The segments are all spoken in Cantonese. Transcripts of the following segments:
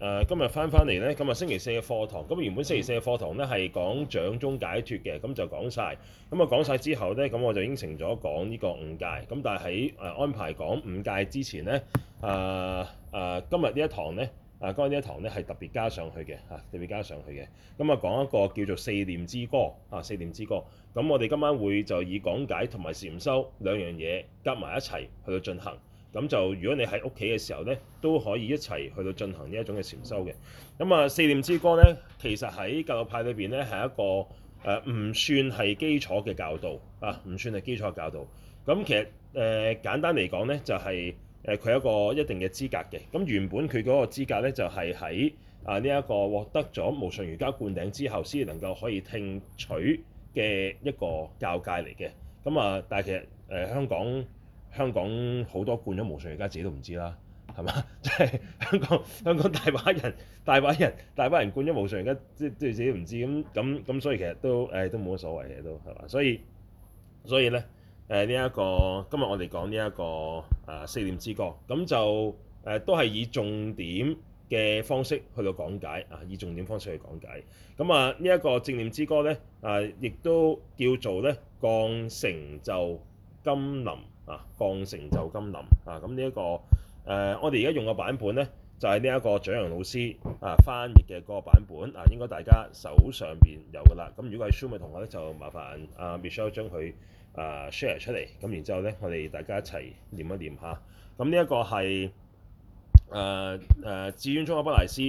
誒今日翻翻嚟呢，咁啊星期四嘅課堂，咁原本星期四嘅課堂呢，係講掌中解脫嘅，咁就講晒，咁啊講晒之後呢，咁我就應承咗講呢個五戒。咁但係喺安排講五戒之前呢，誒、啊啊、今日呢一堂呢，啊今日呢一堂呢係特別加上去嘅，嚇、啊、特別加上去嘅。咁啊講一個叫做四念之歌，啊四念之歌。咁我哋今晚會就以講解同埋禪修兩樣嘢夾埋一齊去到進行。咁就如果你喺屋企嘅時候咧，都可以一齊去到進行呢一種嘅禪修嘅。咁啊，四念之歌咧，其實喺教育派裏邊咧係一個誒唔、呃、算係基礎嘅教導啊，唔算係基礎教導。咁、啊、其實誒、呃、簡單嚟講咧，就係誒佢有一個一定嘅資格嘅。咁原本佢嗰個資格咧，就係喺啊呢一個獲得咗無上瑜伽灌頂之後，先能夠可以聽取嘅一個教界嚟嘅。咁啊、呃，但係其實誒、呃、香港。香港好多灌咗無常，而家自己都唔知啦，係嘛？即係香港香港大把人大把人大把人灌咗無常，而家即即係自己唔知咁咁咁，所以其實都誒都冇乜所謂嘅，都係嘛？所以所以咧誒呢一個今日我哋講呢一個啊四念之歌，咁就誒都係以重點嘅方式去到講解啊，以重點方式去講解，咁啊呢一個正念之歌咧啊，亦都叫做咧降成就金林。啊，降成就金林啊，咁呢一個誒、呃，我哋而家用嘅版本咧，就係呢一個蔣陽老師啊翻譯嘅個版本啊，應該大家手上邊有㗎啦。咁、啊、如果係書面同學咧，就麻煩啊 Michelle 將佢啊 share 出嚟，咁、啊、然之後咧，我哋大家一齊念一念吓。咁呢一個係誒誒，志願者不萊斯，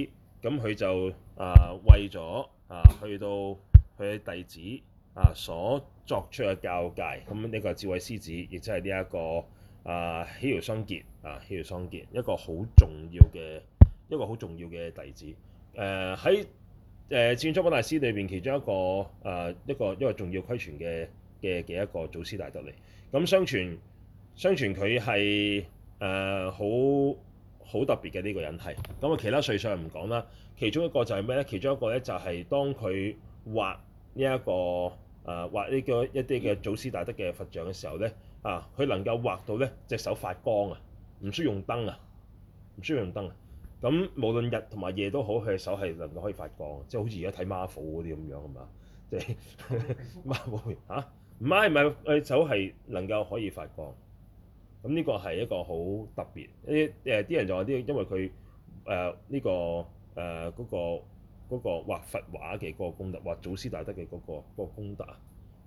咁、啊、佢就啊為咗啊去到佢嘅弟子啊所。作出嘅教界，咁呢個智慧師子，亦即係呢一個啊，希遙雙傑啊，希遙雙傑一個好重要嘅一個好重要嘅弟子。誒喺誒中畫大師裏邊，其中一個誒、呃、一個一個重要規傳嘅嘅嘅一個祖師大德嚟。咁相傳相傳佢係誒好好特別嘅呢個人係。咁啊，其他細相唔講啦。其中一個就係咩咧？其中一個咧就係當佢畫呢一個。誒、啊、畫呢個一啲嘅祖師大德嘅佛像嘅時候咧，啊，佢能夠畫到咧隻手發光啊，唔需要用燈啊，唔需要用燈啊。咁無論日同埋夜都好，佢嘅手係能、, 啊、能夠可以發光，即係好似而家睇 m 虎嗰啲咁樣係嘛？即係 m a r 唔係唔係，佢手係能夠可以發光。咁呢個係一個好特別，一啲人就話啲，因為佢誒呢個誒嗰個。呃那個嗰、那個畫佛畫嘅嗰個功德，畫祖師大德嘅嗰、那個嗰、那個功德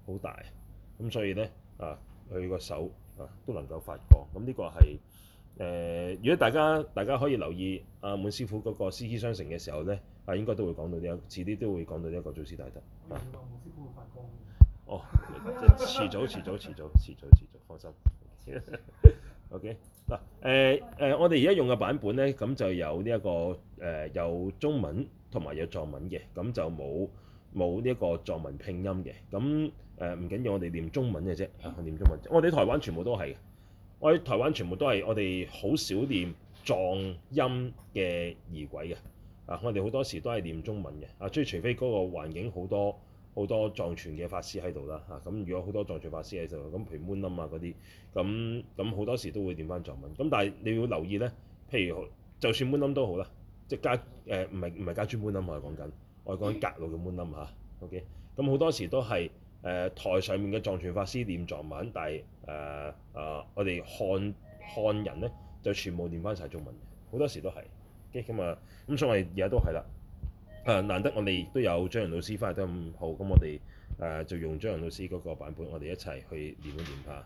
好大，咁所以咧啊，佢個手啊都能夠發光，咁呢個係誒、呃，如果大家大家可以留意阿、啊、滿師傅嗰個師師相承嘅時候咧，啊應該都會講到呢、這、啲、個，遲啲都會講到呢一個祖師大德啊、嗯。哦， 即係遲早、遲早、遲早、遲早、遲早，開心。O K 嗱誒誒，我哋而家用嘅版本咧，咁就有呢、這、一個誒、呃，有中文。同埋有藏文嘅，咁就冇冇呢一個藏文拼音嘅，咁誒唔緊要，我哋念中文嘅啫，啊念中文，我哋台灣全部都係，我哋台灣全部都係，我哋好少念藏音嘅儀軌嘅，啊我哋好多時都係念中文嘅，啊，即係、啊、除非嗰個環境好多好多藏傳嘅法師喺度啦，啊咁、啊、如果好多藏傳法師喺度，咁譬如 moon 啊嗰啲，咁咁好多時都會念翻藏文，咁但係你要留意咧，譬如就算 moon 都好啦。即係加誒，唔係唔係加專門音我係講緊，我係講隔路嘅門音啊嚇，OK，咁好多時都係誒、呃、台上面嘅藏傳法師念藏文，但係誒啊我哋漢漢人咧就全部念翻晒中文，好多時都係，咁啊咁所以我哋而家都係啦，誒、啊、難得我哋都有張揚老師翻嚟得咁好，咁我哋誒、呃、就用張揚老師嗰個版本，我哋一齊去念一念下。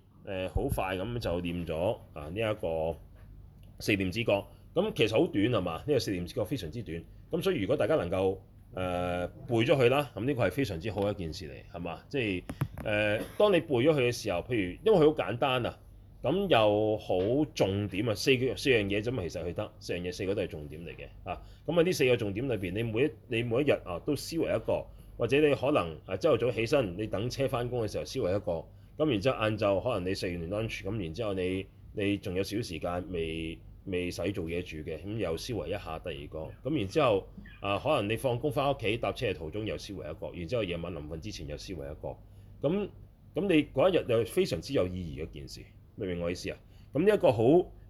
誒、呃、好快咁就念咗啊！呢、這、一個四念之歌咁其實好短係嘛？呢、這個四念之歌非常之短咁，所以如果大家能夠誒、呃、背咗佢啦，咁呢個係非常之好一件事嚟係嘛？即係誒，當你背咗佢嘅時候，譬如因為佢好簡單啊，咁又好重點啊，四四樣嘢啫嘛，其實佢得四樣嘢，四個都係重點嚟嘅啊。咁啊，呢四個重點裏邊，你每一你每一日啊都思維一個，或者你可能誒朝頭早起身，你等車翻工嘅時候思維一個。咁然之後，晏晝可能你食完 lunch 咁，然之後你你仲有少時間未未使做嘢住嘅，咁又思維一下第二個。咁然之後啊、呃，可能你放工翻屋企搭車嘅途中又思維一個，然之後夜晚臨瞓之前又思維一個。咁咁你嗰一日又非常之有意義嘅件事，明唔明我意思啊？咁呢一個好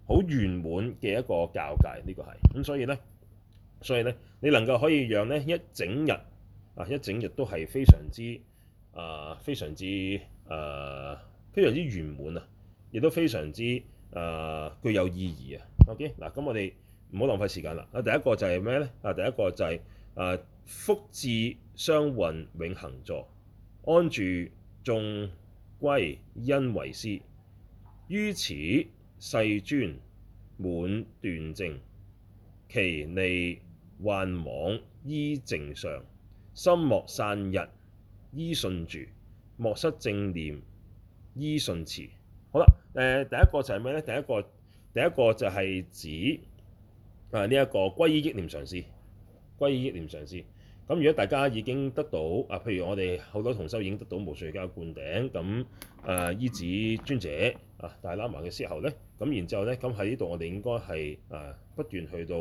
好圓滿嘅一個教界呢、這個係咁，所以呢，所以呢，你能夠可以讓呢一整日啊一整日都係非常之啊非常之。呃誒、uh, 非常之圓滿啊，亦都非常之誒、uh, 具有意義啊。OK，嗱咁我哋唔好浪費時間啦。啊，第一個就係咩呢？啊，第一個就係、是、誒、uh, 福智雙運永恆座，安住眾皈恩惠師，於此世尊滿斷證，祈離患妄依淨相，心莫散逸依信住。莫失正念依信持，好啦。誒、呃，第一個就係咩呢？第一個，第一個就係指啊呢一、這個歸依憶念上師，歸依憶念上師。咁、啊、如果大家已經得到啊，譬如我哋好多同修已經得到無上瑜伽灌頂，咁啊依止尊者啊大喇嘛嘅時候呢，咁然之後呢，咁喺呢度我哋應該係啊不斷去到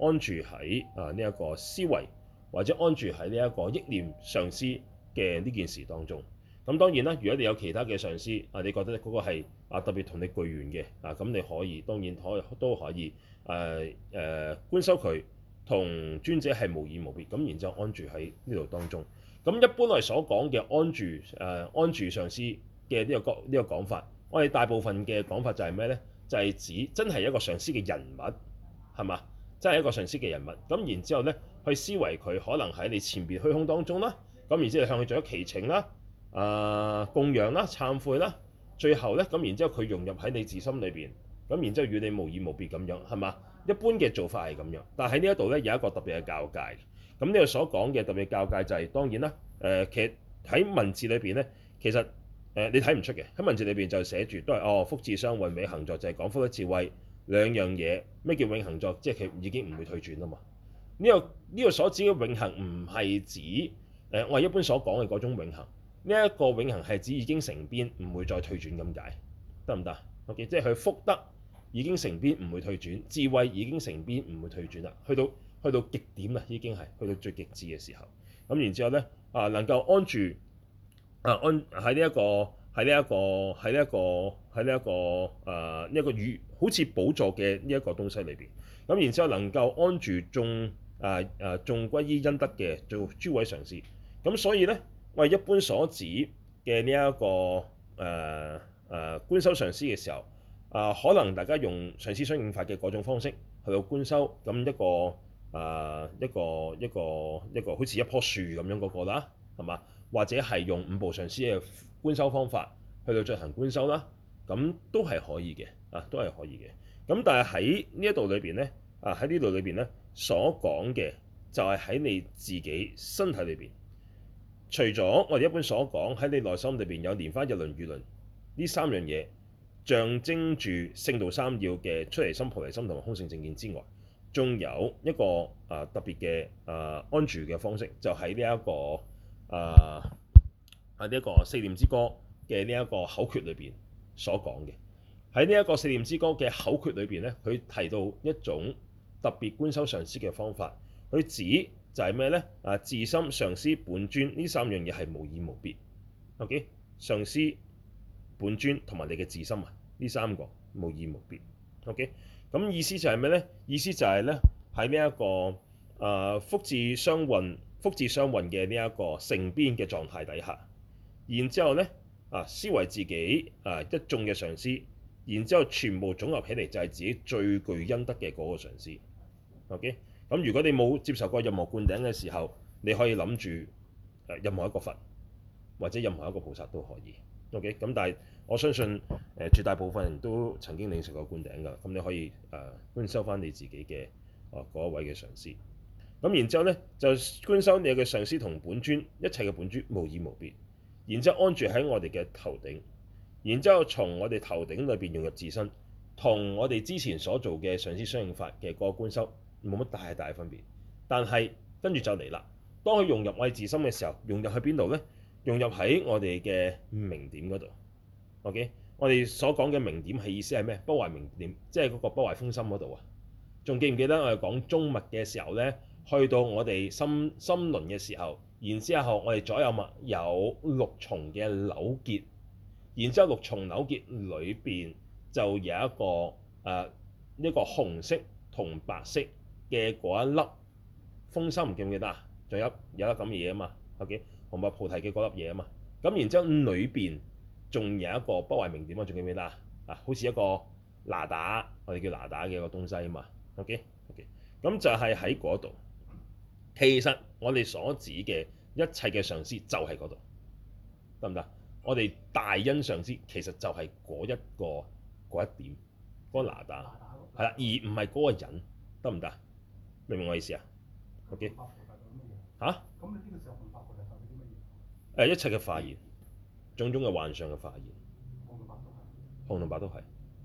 安住喺啊呢一、這個思維，或者安住喺呢一個憶念上師嘅呢件事當中。咁當然啦，如果你有其他嘅上司，啊，你覺得嗰個係啊特別同你具緣嘅，啊，咁你可以當然可以都可以，誒、呃、誒，觀修佢同尊者係無二無別。咁然之後安住喺呢度當中。咁一般我哋所講嘅安住誒、呃、安住上司嘅呢、呢個講呢、呢個講法，我哋大部分嘅講法就係咩呢？就係、係、指真係一個上司嘅人物係嘛，真係一個上司嘅人物。咁然之後呢，去思維佢可能喺你前面虛空當中啦。咁然之後向佢做咗祈請啦。誒供養啦、懺悔啦、啊，最後咧咁，然之後佢融入喺你自心裏邊，咁然之後與你無二無別咁樣，係嘛？一般嘅做法係咁樣，但喺呢一度咧有一個特別嘅教界。咁呢個所講嘅特別教界就係、是、當然啦。誒，其實喺文字裏邊咧，其實誒你睇唔出嘅喺文字裏邊、呃、就寫住都係哦，福智雙運，永恆座就係、是、講福德智慧兩樣嘢。咩叫永恆座？即係佢已經唔會退轉啊嘛。呢個呢個所指嘅永恆唔係指誒、呃、我一般所講嘅嗰種永恆。呢、這、一個永恆係指已經成邊，唔會再退轉咁解，得唔得？OK，即係佢福德已經成邊，唔會退轉；智慧已經成邊，唔會退轉啦。去到去到極點啊，已經係去到最極致嘅時候。咁然之後呢，啊、呃、能夠安住啊安喺呢一個喺呢一個喺呢一個喺呢一個誒呢一個如好似寶座嘅呢一個東西裏邊。咁然之後能夠安住眾啊啊眾歸於恩德嘅做諸位上師。咁所以呢。我一般所指嘅呢一個誒誒觀修上師嘅時候，啊、呃，可能大家用上師相應法嘅嗰種方式去到觀修，咁一個誒、呃、一個一個一個好似一,一棵樹咁樣嗰、那個啦，係嘛？或者係用五部上師嘅觀修方法去到進行觀修啦，咁都係可以嘅，啊，都係可以嘅。咁但係喺呢一度裏邊咧，啊喺呢度裏邊咧所講嘅就係喺你自己身體裏邊。除咗我哋一般所講喺你內心裏邊有蓮花日輪與輪呢三樣嘢，象徵住聖道三要嘅出離心、菩提心同埋空性正見之外，仲有一個啊、呃、特別嘅啊安住嘅方式，就喺呢一個啊啊呢一個四念之歌嘅呢一個口訣裏邊所講嘅。喺呢一個四念之歌嘅口訣裏邊咧，佢提到一種特別觀修上師嘅方法，佢指。就係咩咧？啊，自心、上師、本尊呢三樣嘢係無二無別。OK，上師、本尊同埋你嘅自心啊，呢三個無二無別。OK，咁意思就係咩咧？意思就係咧喺呢一個啊福智雙運、福智雙運嘅呢一個成邊嘅狀態底下，然之後咧啊，思維自己啊一眾嘅上師，然之後全部總合起嚟就係自己最具恩德嘅嗰個上師。OK。咁如果你冇接受過任何灌頂嘅時候，你可以諗住任何一個佛或者任何一個菩薩都可以。OK，咁但係我相信誒絕大部分人都曾經領受過灌頂㗎。咁你可以誒、呃、觀修翻你自己嘅嗰、呃、位嘅上師。咁然之後呢，就觀修你嘅上師同本尊一切嘅本尊無二無別。然之後安住喺我哋嘅頭頂，然之後從我哋頭頂裏邊融入自身，同我哋之前所做嘅上師相應法嘅個觀修。冇乜大大分別，但係跟住就嚟啦。當佢融入我哋自心嘅時候，融入喺邊度呢？融入喺我哋嘅明點嗰度。O.K. 我哋所講嘅明點係意思係咩？不壞明點，即係嗰個不壞風心嗰度啊！仲記唔記得我哋講中脈嘅時候呢？去到我哋心心輪嘅時候，然之後我哋左右脈有六重嘅扭結，然之後六重扭結裏邊就有一個誒呢、呃這個紅色同白色。嘅嗰一粒風心，記唔記得啊？仲有有粒咁嘅嘢啊嘛。OK 紅白菩提嘅嗰粒嘢啊嘛。咁然之後裏邊仲有一個不壞明點啊，仲記唔記得啊？啊，好似一個拿打，我哋叫拿打嘅一個東西啊嘛。OK OK 咁就係喺嗰度。其實我哋所指嘅一切嘅上師就係嗰度，得唔得？我哋大恩上師其實就係嗰一個，嗰一點嗰拿打係啦，而唔係嗰個人，得唔得？明唔明我意思啊？OK，吓？咁你呢個時候唔發菩提做啲乜嘢？一切嘅化現，種種嘅幻象嘅化現。紅白都係，紅同白都係，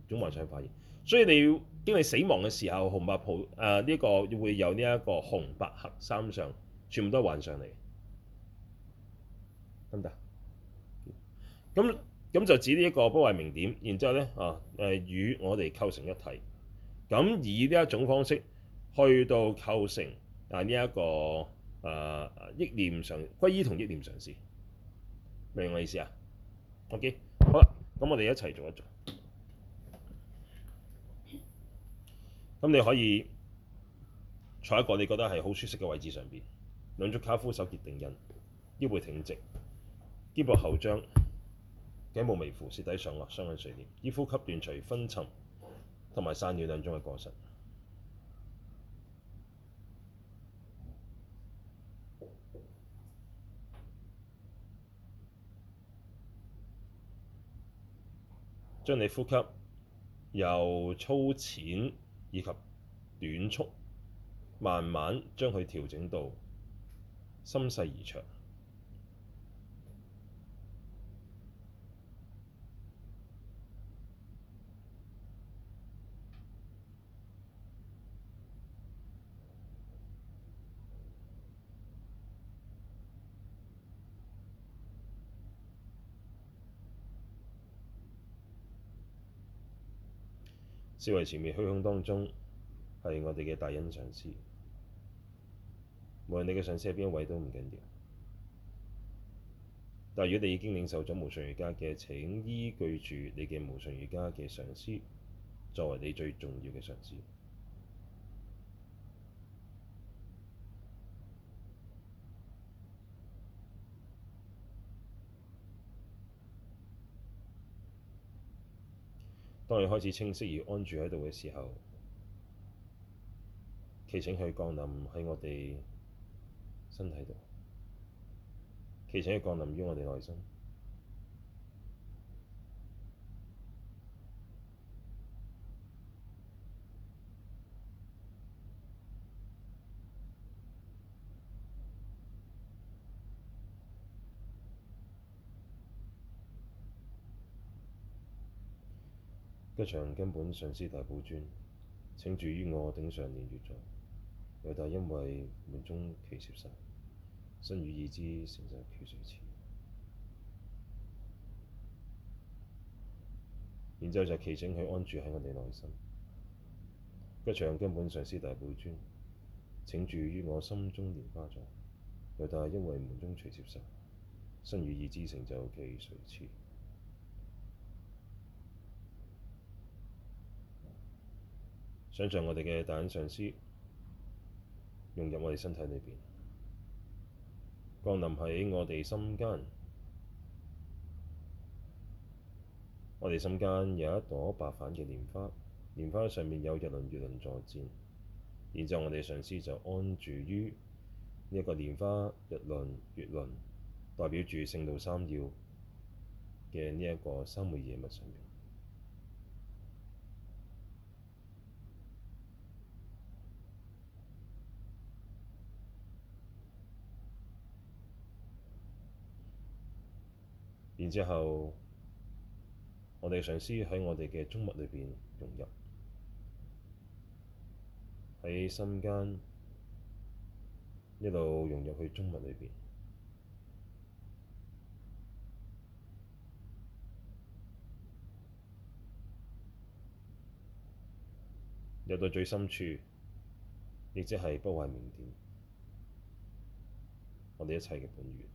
種幻象化現。所以你要經歷死亡嘅時候，紅白袍誒呢個會有呢一個紅白黑三相，全部都係幻象嚟。得唔得？咁咁就指呢一個不壞明點，然之後咧啊誒與我哋構成一體，咁以呢一種方式。去到構成啊呢一，這個啊憶念上歸依同憶念上師，明我意思啊？OK，好啦，咁我哋一齊做一做。咁你可以坐喺個你覺得係好舒適嘅位置上邊，兩足跏趺手結定印，腰背挺直，肩膊後張，頸部微俯，舌抵上腭，雙眼垂簾，以呼吸斷除昏沉，同埋散亂兩種嘅過失。將你呼吸由粗淺以及短促，慢慢將佢調整到深細而長。思維前面虛空當中，係我哋嘅大恩上師。無論你嘅上師係邊一位都唔緊要。但如果你已經領受咗無上瑜伽嘅，請依據住你嘅無上瑜伽嘅上師作為你最重要嘅上師。當你開始清晰而安住喺度嘅時候，祈請佢降臨喺我哋身體度，祈請佢降臨於我哋內心。吉祥根本上師大寶尊，請住於我頂上蓮月座。偉大因為門中奇攝神，身與意志成就奇殊慈。然之後就祈請佢安住喺我哋內心。吉祥根本上師大寶尊，請住於我心中蓮花座。偉大因為門中隨攝神，身與意志成就奇殊慈。想象我哋嘅大恩上師融入我哋身體裏面，降臨喺我哋心間。我哋心間有一朵白瓣嘅蓮花，蓮花上面有日輪月輪在轉。然後我哋上師就安住於呢一個蓮花日輪月輪，代表住聖道三要嘅呢一個三昧耶物上面。然之後，我哋嘗試喺我哋嘅中脈裏邊融入，喺心間一路融入去中脈裏邊，入到最深處，亦即係不壞明點，我哋一切嘅本源。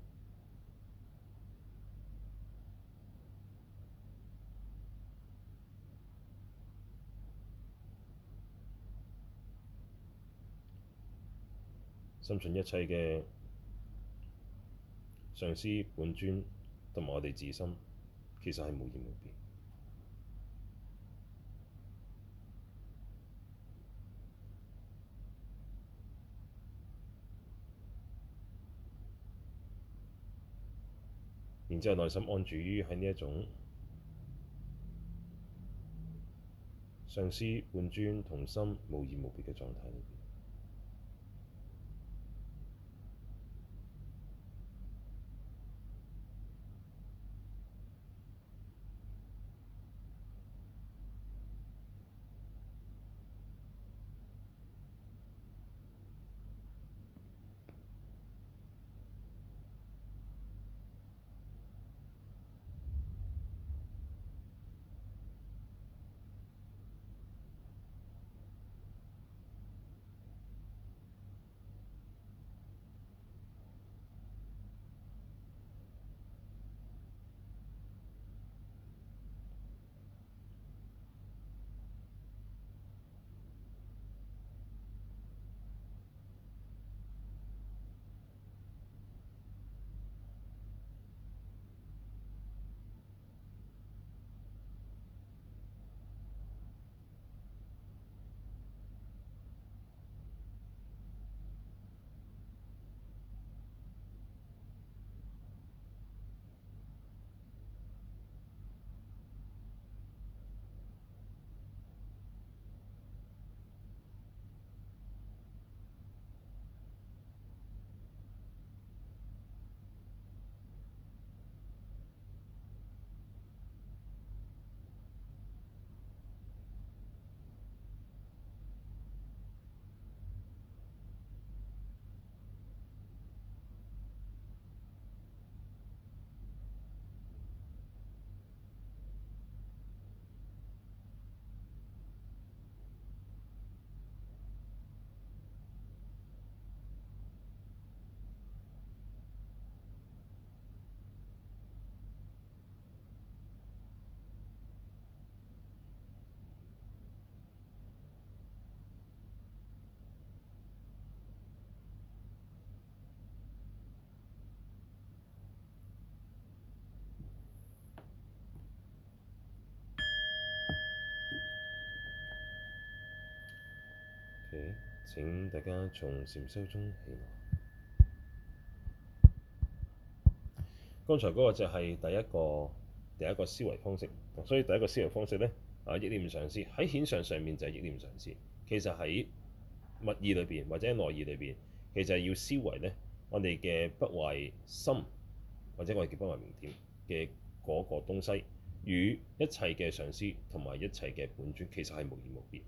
深信一切嘅上師本尊，同埋我哋自心，其實係無二無別。然之後，內心安住於喺呢一種上師本尊同心無二無別嘅狀態裏面。請大家從禪修中起來，剛才嗰個就係第一個第一個思維方式，所以第一個思維方式呢，啊，憶念上師喺顯象上面就係憶念上師，其實喺物意裏邊或者內意裏邊，其實要思維呢，我哋嘅不壞心或者我哋叫不壞明點嘅嗰個東西，與一切嘅上師同埋一切嘅本尊，其實係無二無別。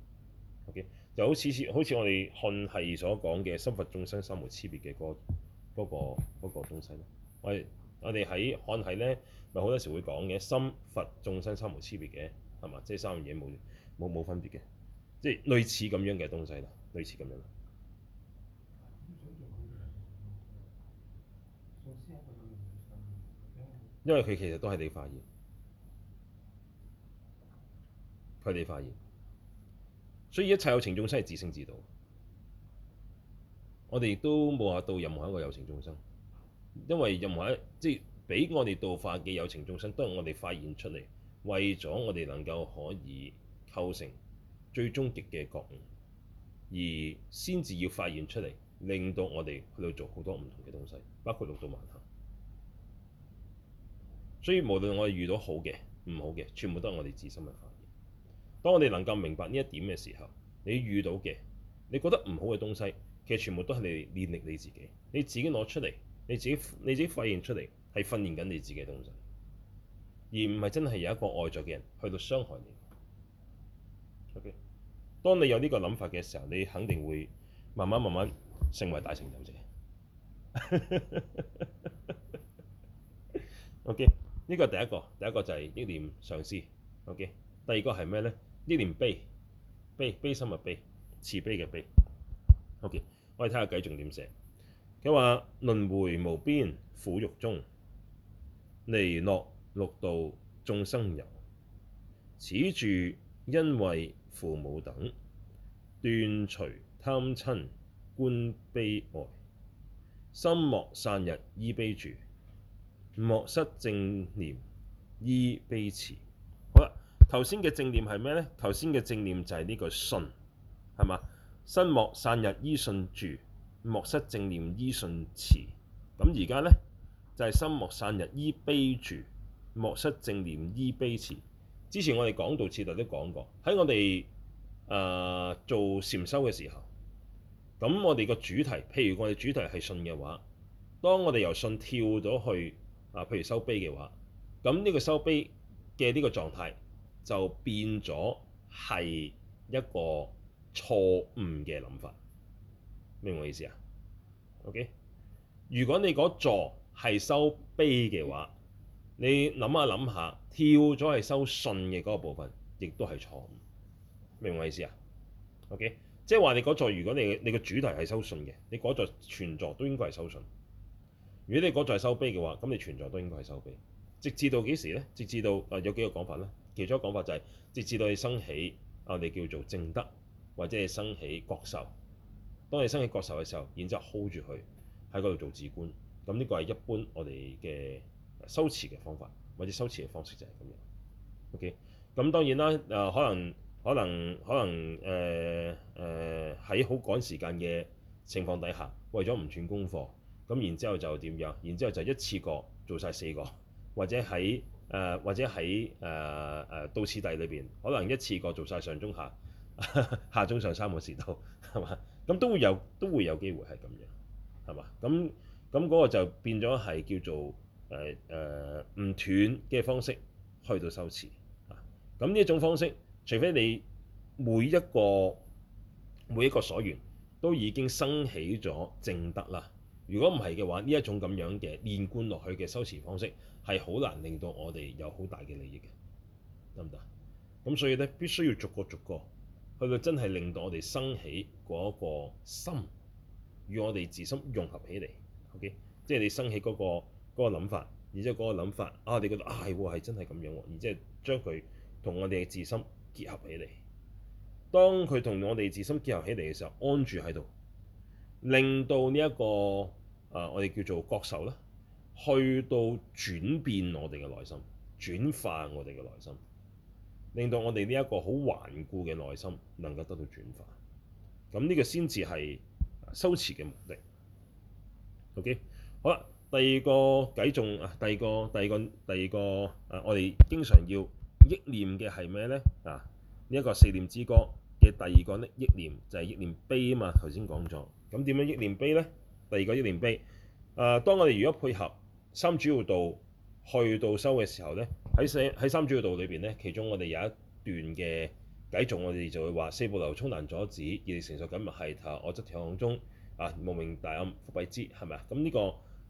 OK。就好似似，好似我哋漢系所講嘅心佛眾生三無差別嘅嗰嗰個嗰個東西咯。我哋我哋喺漢系咧，咪好多時會講嘅心佛眾生三無差別嘅，係嘛？即係三樣嘢冇冇冇分別嘅，即係類似咁樣嘅東西啦，類似咁樣。因為佢其實都係你發現，佢哋發現。所以一切有情眾生係自性自度，我哋亦都冇話度任何一個有情眾生，因為任何一即係俾我哋度化嘅有情眾生，都係我哋發現出嚟，為咗我哋能夠可以構成最終極嘅覺悟，而先至要發現出嚟，令到我哋去到做好多唔同嘅東西，包括六道萬行。所以無論我哋遇到好嘅、唔好嘅，全部都係我哋自身嘅。當你能夠明白呢一點嘅時候，你遇到嘅，你覺得唔好嘅東西，其實全部都係你練力你自己，你自己攞出嚟，你自己你自己發現出嚟，係訓練緊你自己嘅東西，而唔係真係有一個外在嘅人去到傷害你。OK，當你有呢個諗法嘅時候，你肯定會慢慢慢慢成為大成就者。 OK，呢個第一個，第一個就係憶念上師。OK，第二個係咩呢？呢念悲悲悲心嘅、啊、悲慈悲嘅悲，OK，我哋睇下偈仲點寫。佢話輪迴無邊苦獄中，離樂六道眾生遊。此住恩惠父母等，斷除貪嗔觀悲愛，心莫散逸，依悲住，莫失正念依悲持。頭先嘅正念係咩呢？頭先嘅正念就係呢個信，係嘛？心莫散逸依信住，莫失正念依信持。咁而家呢，就係、是、心莫散逸依悲住，莫失正念依悲持。之前我哋講到次第都講過，喺我哋誒、呃、做禪修嘅時候，咁我哋個主題，譬如我哋主題係信嘅話，當我哋由信跳咗去啊，譬如修悲嘅話，咁呢個修悲嘅呢個狀態。就變咗係一個錯誤嘅諗法，明唔明我意思啊？OK，如果你嗰座係收碑嘅話，你諗下諗下，跳咗係收信嘅嗰個部分，亦都係錯誤，明唔明我意思啊？OK，即係話你嗰座，如果你你嘅主題係收信嘅，你嗰座全座都應該係收信。如果你嗰座係收碑嘅話，咁你全座都應該係收碑。直至到幾時呢？直至到啊，有幾個講法呢？其中一個講法就係、是，直至到你升起，我、啊、哋叫做正德，或者係升起覺受。當你升起覺受嘅時候，然之後 hold 住佢喺嗰度做止觀。咁呢個係一般我哋嘅修詞嘅方法，或者修詞嘅方式就係咁樣。OK，咁當然啦，誒、呃、可能可能可能誒誒喺好趕時間嘅情況底下，為咗唔斷功課，咁然之後就點樣？然之後就一次過做晒四個，或者喺。呃、或者喺道次第裏邊，可能一次過做晒上中下哈哈下中上三個時段，係嘛？咁都會有都會有機會係咁樣，係嘛？咁咁嗰個就變咗係叫做呃、呃、唔斷嘅方式去到修持。咁呢一種方式，除非你每一個每一個所緣都已經生起咗正德啦。如果唔係嘅話，呢一種咁樣嘅連貫落去嘅修持方式，係好難令到我哋有好大嘅利益嘅，得唔得？咁所以呢，必須要逐個逐個，去到真係令到我哋生起嗰個心，與我哋自心融合起嚟。OK，即係你生起嗰個嗰個諗法，然之後嗰個諗法啊，你覺得係喎係真係咁樣喎，然之後將佢同我哋嘅自心結合起嚟。當佢同我哋自心結合起嚟嘅時候，安住喺度，令到呢一個。啊！我哋叫做覺受咧，去到轉變我哋嘅內心，轉化我哋嘅內心，令到我哋呢一個好頑固嘅內心能夠得到轉化。咁呢個先至係修持嘅目的。OK，好啦，第二個幾重啊？第二個、第二個、第二個啊！我哋經常要憶念嘅係咩呢？啊，呢、這、一個四念之歌嘅第二個呢？憶念就係、是、憶念悲啊嘛。頭先講咗，咁點樣憶念悲呢？第二個要念碑。啊，當我哋如果配合三主要道去到修嘅時候呢，喺四喺三主要道裏邊呢，其中我哋有一段嘅底重，我哋就會話四瀑流沖難阻止，業力承受緊密係頭、啊，我則調控中啊，無明大暗伏蔽之，係咪啊？咁呢個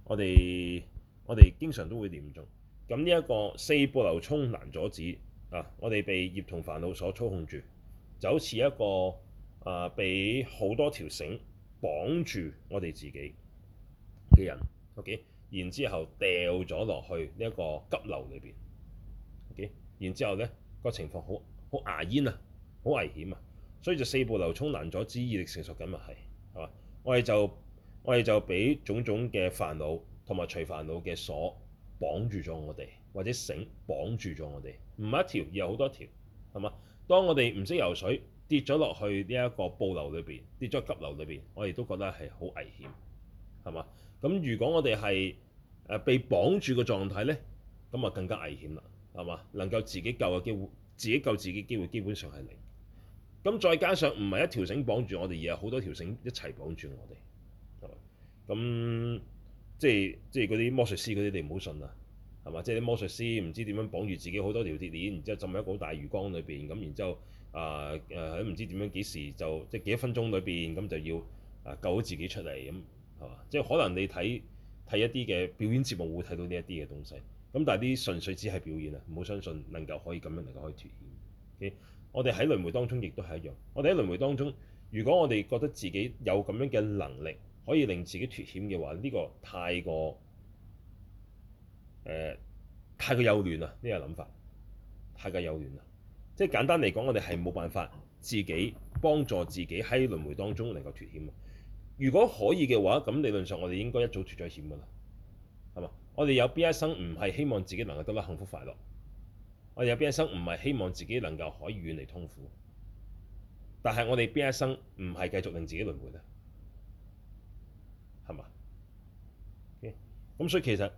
我哋我哋經常都會念誦。咁呢一個四瀑流沖難阻止啊，我哋被業同煩惱所操控住，就好似一個啊，俾好多條繩。綁住我哋自己嘅人，OK，然之後掉咗落去呢一個急流裏邊，OK，然之後咧、呢個情況好好牙煙啊，好危險啊，所以就四步流沖難阻之二力成熟緊咪係係嘛，我哋就我哋就俾種種嘅煩惱同埋除煩惱嘅鎖綁住咗我哋，或者繩綁住咗我哋，唔係一條，而有好多條，係嘛？當我哋唔識游水。跌咗落去呢一個暴流裏邊，跌咗急流裏邊，我哋都覺得係好危險，係嘛？咁如果我哋係誒被綁住個狀態呢，咁啊更加危險啦，係嘛？能夠自己救嘅機會，自己救自己機會基本上係零。咁再加上唔係一條繩綁住我哋，而係好多條繩一齊綁住我哋，係嘛？咁即係即係嗰啲魔術師嗰啲你唔好信啦，係嘛？即係啲魔術師唔知點樣綁住自己好多條鐵鏈，然之後浸喺一個大魚缸裏邊，咁然之後。啊、呃、誒，喺、呃、唔知點樣幾時就即係幾分鐘裏邊咁就要啊救好自己出嚟咁係嘛？即係可能你睇睇一啲嘅表演節目會睇到呢一啲嘅東西。咁但係啲純粹只係表演啊，唔好相信能夠可以咁樣能夠可以脱險。Okay? 我哋喺輪迴當中亦都係一樣。我哋喺輪迴當中，如果我哋覺得自己有咁樣嘅能力可以令自己脱險嘅話，呢、呢個太過誒、呃、太過幼嫩啦！呢、呢個諗法太過幼嫩啦。即係簡單嚟講，我哋係冇辦法自己幫助自己喺輪迴當中能夠脱險。如果可以嘅話，咁理論上我哋應該一早脱咗險噶啦，係嘛？我哋有邊一生唔係希望自己能夠得啦幸福快樂？我哋有邊一生唔係希望自己能夠可以遠離痛苦？但係我哋邊一生唔係繼續令自己輪迴咧？係嘛？咁、okay? 所以其實誒、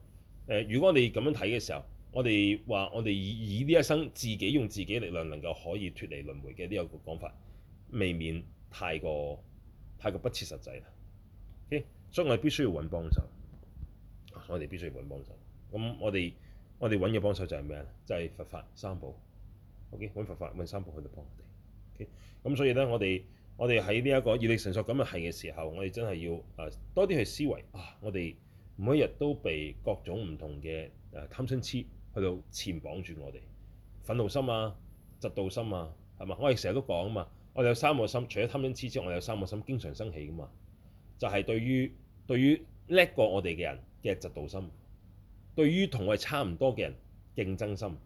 呃，如果你咁樣睇嘅時候，我哋話，我哋以以呢一生自己用自己力量能夠可以脱離輪迴嘅呢個講法，未免太過太過不切實際啦。Okay? 所以我哋必須要揾幫手，啊、我哋必須要揾幫手。咁我哋我哋揾嘅幫手就係咩咧？就係佛法三寶。O.K. 搵佛法，揾、okay? 三寶去到幫我哋。咁、okay? 所以咧，我哋我哋喺呢一個業力成熟咁嘅係嘅時候，我哋真係要誒、呃、多啲去思維啊！我哋每一日都被各種唔同嘅誒、呃、貪嗔痴。去到纏綁住我哋憤怒心啊、嫉妒心啊，係嘛？我哋成日都講啊嘛，我哋有三個心，除咗貪嗔痴之外，我哋有三個心，經常生起噶嘛。就係、是、對於對於叻過我哋嘅人嘅嫉妒心，對於同我哋差唔多嘅人競爭心，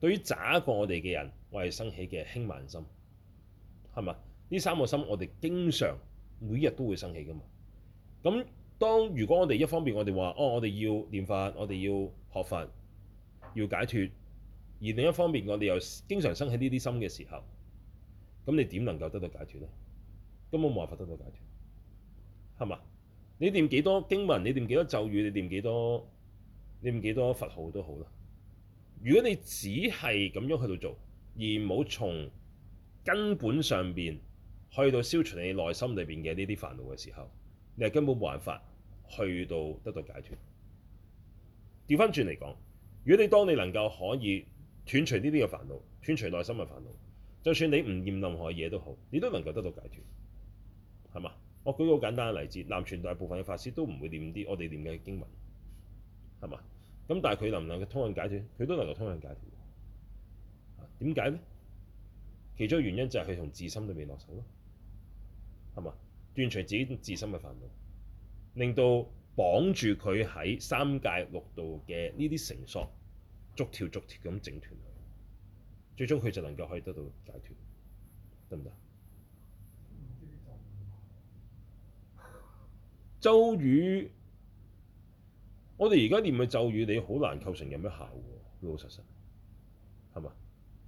對於渣過我哋嘅人，我係生起嘅輕慢心，係嘛？呢三個心我哋經常每日都會生起噶嘛。咁當如果我哋一方面我哋話哦，我哋要練法，我哋要學法。要解脱，而另一方面，我哋又經常生起呢啲心嘅時候，咁你點能夠得到解脱呢？根本冇辦法得到解脱，係嘛？你念幾多經文，你念幾多咒語，你念幾多，念幾多佛號都好啦。如果你只係咁樣去到做，而冇從根本上邊去到消除你內心裏邊嘅呢啲煩惱嘅時候，你係根本冇辦法去到得到解脱。調翻轉嚟講。如果你當你能夠可以斷除呢啲嘅煩惱，斷除內心嘅煩惱，就算你唔念任何嘢都好，你都能夠得到解脱，係嘛？我舉個好簡單嘅例子，南傳大部分嘅法師都唔會念啲我哋念嘅經文，係嘛？咁但係佢能唔能夠通向解脱，佢都能夠通向解脱。點解呢？其中原因就係佢從自心裏面落手咯，係嘛？斷除自己的自心嘅煩惱，令到綁住佢喺三界六道嘅呢啲繩索。逐條逐條咁整斷佢，最終佢就能夠可以得到解脱，得唔得？咒語，我哋而家念嘅咒語，你好難構成有咩效喎？老實實，係嘛？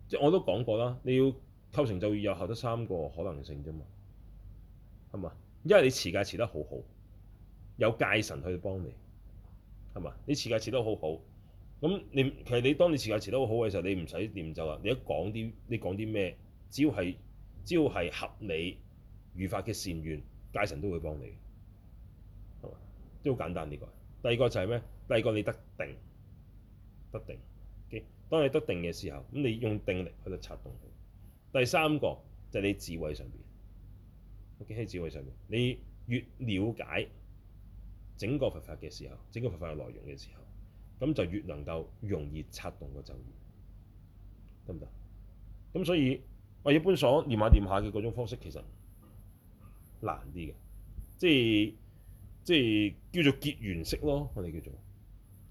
即係我都講過啦，你要構成咒語有效，得三個可能性啫嘛，係嘛？因為你持戒持得好好，有戒神去幫你，係嘛？你持戒持得好好。咁你其實你當你持戒持得好嘅時候，你唔使念咒啦！你一講啲你講啲咩，只要係只要係合理、如法嘅善願，戒神都會幫你，係嘛？都好簡單呢個。第二個就係咩？第二個你得定，得定。o、okay？當你得定嘅時候，咁你用定力去到策動佢。第三個就係你智慧上邊。喺、okay？智慧上邊，你越了解整個佛法嘅時候，整個佛法嘅內容嘅時候。咁就越能夠容易擦動個咒語，得唔得？咁所以我一般所念下念下嘅嗰種方式其實難啲嘅，即係即係叫做結緣式咯，我哋叫做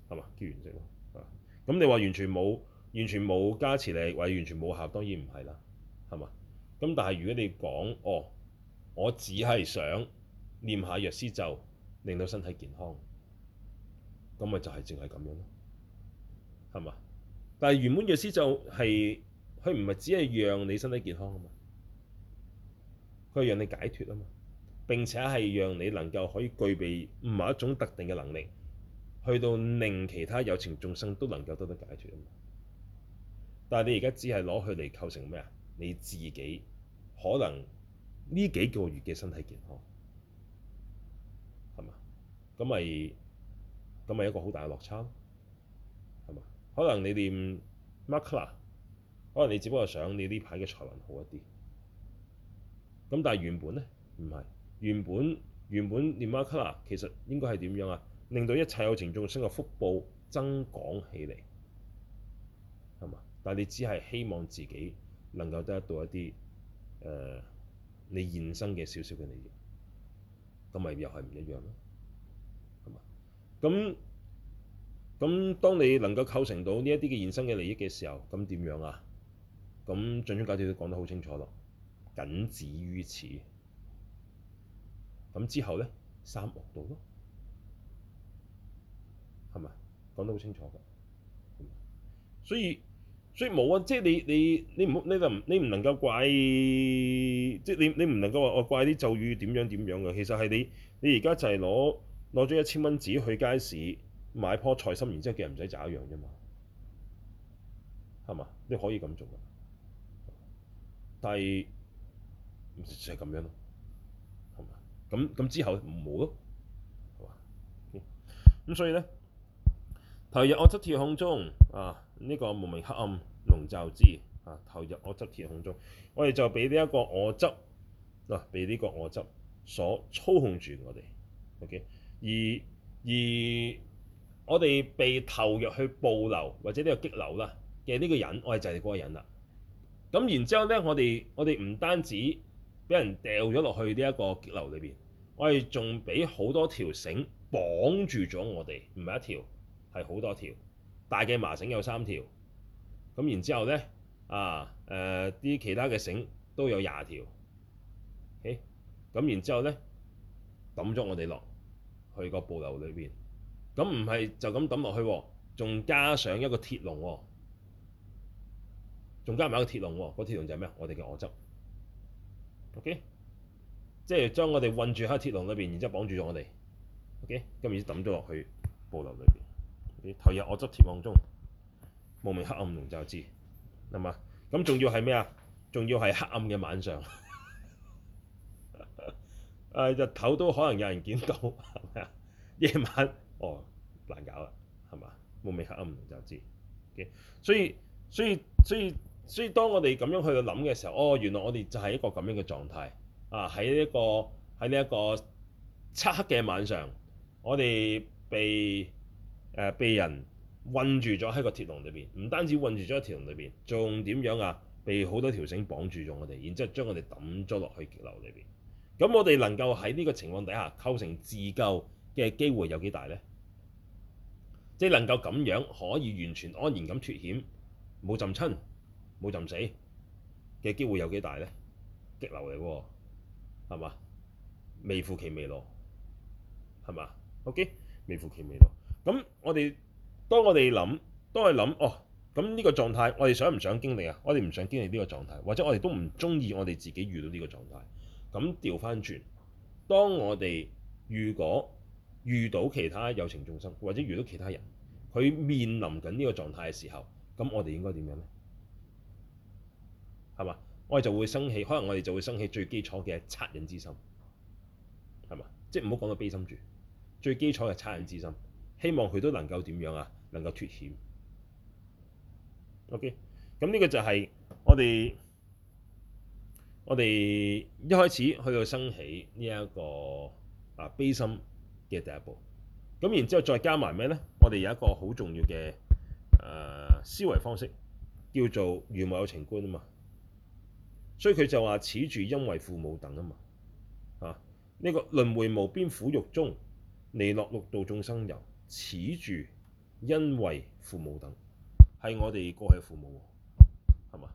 係嘛結緣式咯，係嘛？啊，咁你話完全冇完全冇加持力，或者完全冇效，當然唔係啦，係嘛？咁但係如果你講哦，我只係想念下藥師咒，令到身體健康。咁咪就係淨係咁樣咯，係嘛？但係原本藥師就係佢唔係只係讓你身體健康啊嘛，佢係讓你解脱啊嘛，並且係讓你能夠可以具備某一種特定嘅能力，去到令其他有情眾生都能夠都得到解脱啊嘛。但係你而家只係攞佢嚟構成咩啊？你自己可能呢幾個月嘅身體健康，係嘛？咁咪？咁咪一個好大嘅落差咯，係嘛？可能你念 Markla，可能你只不過想你呢排嘅財運好一啲。咁但係原本呢，唔係原本原本念 Markla 其實應該係點樣啊？令到一切有情眾生嘅福報增廣起嚟，係嘛？但係你只係希望自己能夠得到一啲、呃、你現生嘅少少嘅利益，咁咪又係唔一樣咯。咁咁，當你能夠構成到呢一啲嘅現身嘅利益嘅時候，咁點樣啊？咁盡忠解説都講得好清楚咯，僅止於此。咁之後咧，三惡道咯，係咪？講得好清楚㗎。所以所以冇啊，即係你你你唔好你就唔你唔能夠怪，即係你你唔能夠話我怪啲咒語點樣點樣㗎。其實係你你而家就係攞，攞咗一千蚊紙去街市買棵菜心，然之後叫人唔使找一樣啫嘛，係嘛？你可以咁做嘅，但係就係、是、咁樣咯，係嘛？咁咁之後唔好咯，係、嗯、嘛？咁所以咧，投入我執鐵桶中啊！呢、這個無明黑暗籠罩之啊！投入我執鐵桶中，我哋就俾呢一個我執嗱，俾、啊、呢個我執所操控住我哋，OK？而而我哋被投入去暴流或者呢個激流啦嘅呢個人，我哋就係嗰個人啦。咁然之後呢，我哋我哋唔單止俾人掉咗落去呢一個激流裏邊，我哋仲俾好多條繩綁住咗我哋，唔係一條，係好多條大嘅麻繩有三條，咁然之後呢，啊誒啲、呃、其他嘅繩都有廿條，咁然之後呢，揼咗我哋落去個暴流裏邊，咁唔係就咁抌落去喎，仲加上一個鐵籠喎，仲加埋一個鐵籠喎，嗰、那個、鐵籠就係咩啊？我哋嘅我執，OK，即係將我哋困住喺鐵籠裏邊，然之後綁住咗我哋，OK，咁然之後抌咗落去暴流裏邊，OK? 投入我執鐵網中，無明黑暗籠罩之。係嘛？咁仲要係咩啊？仲要係黑暗嘅晚上。誒、呃、日頭都可能有人見到係，夜晚哦難搞啊，係嘛？冇未黑暗，唔就知。所以所以所以所以，所以所以所以當我哋咁樣去到諗嘅時候，哦原來我哋就係一個咁樣嘅狀態啊！喺呢一個喺呢一個漆黑嘅晚上，我哋被誒、呃、被人困住咗喺個鐵籠裏邊，唔單止困住咗喺鐵籠裏邊，仲點樣啊？被好多條繩綁住咗我哋，然之後將我哋抌咗落去鐵樓裏邊。咁我哋能夠喺呢個情況底下構成自救嘅機會有幾大呢？即係能夠咁樣可以完全安然咁脫險，冇浸親，冇浸死嘅機會有幾大呢？激流嚟喎，係嘛？微乎其微囉，係嘛？OK，微乎其微囉。咁我哋當我哋諗，當我哋諗哦，咁呢個狀態，我哋想唔想經歷啊？我哋唔想經歷呢個狀態，或者我哋都唔中意我哋自己遇到呢個狀態。咁掉返轉，當我哋如果遇到其他有情眾生或者遇到其他人，佢面臨緊呢個狀態嘅時候，咁我哋應該點樣呢？係嘛？我哋就會生起，可能我哋就會生起最基礎嘅惻隱之心，係嘛？即係唔好講到悲心住，最基礎嘅惻隱之心，希望佢都能夠點樣啊，能夠脱險。OK，咁呢個就係我哋。我哋一開始去到生起呢一個啊悲心嘅第一步，咁然之後再加埋咩呢？我哋有一個好重要嘅誒、呃、思維方式叫做如母有情觀啊嘛，所以佢就話：此住恩惠父母等嘛啊嘛嚇，呢個輪迴無邊苦獄中，離樂六道眾生遊，此住恩惠父母等係我哋過去父母，係嘛？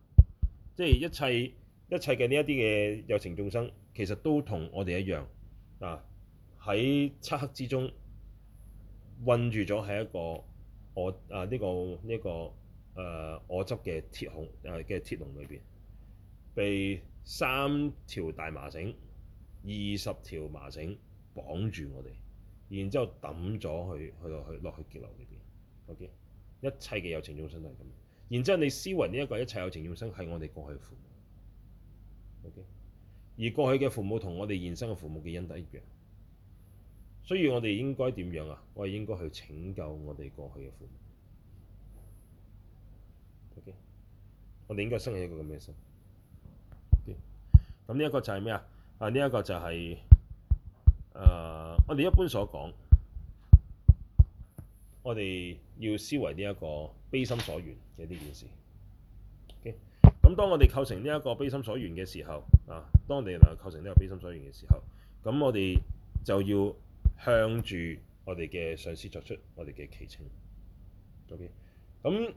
即、就、係、是、一切。一切嘅呢一啲嘅有情眾生，其實都同我哋一樣啊！喺漆黑之中困住咗喺一個我啊呢個呢個誒我、呃、執嘅鐵、啊、鐵籠誒嘅鐵籠裏邊，被三條大麻繩、二十條麻繩綁住我哋，然之後抌咗去去去落去，去結樓裏邊。OK，一切嘅有情眾生都係咁。然之後你思維呢一個一切有情眾生係我哋過去嘅父母。Okay. 而過去嘅父母同我哋現生嘅父母嘅恩德一樣，所以我哋應該點樣啊？我哋應該去拯救我哋過去嘅父母。Okay. 我哋應該升起一個咁嘅心。咁呢一個就係咩啊？啊，呢、這、一個就係、是、誒、呃、我哋一般所講，我哋要思維呢一個悲心所願嘅呢件事。當我哋構成呢一個悲心所緣嘅時候啊，當地能夠構成呢個悲心所緣嘅時候，咁我哋就要向住我哋嘅上師作出我哋嘅祈請。OK，咁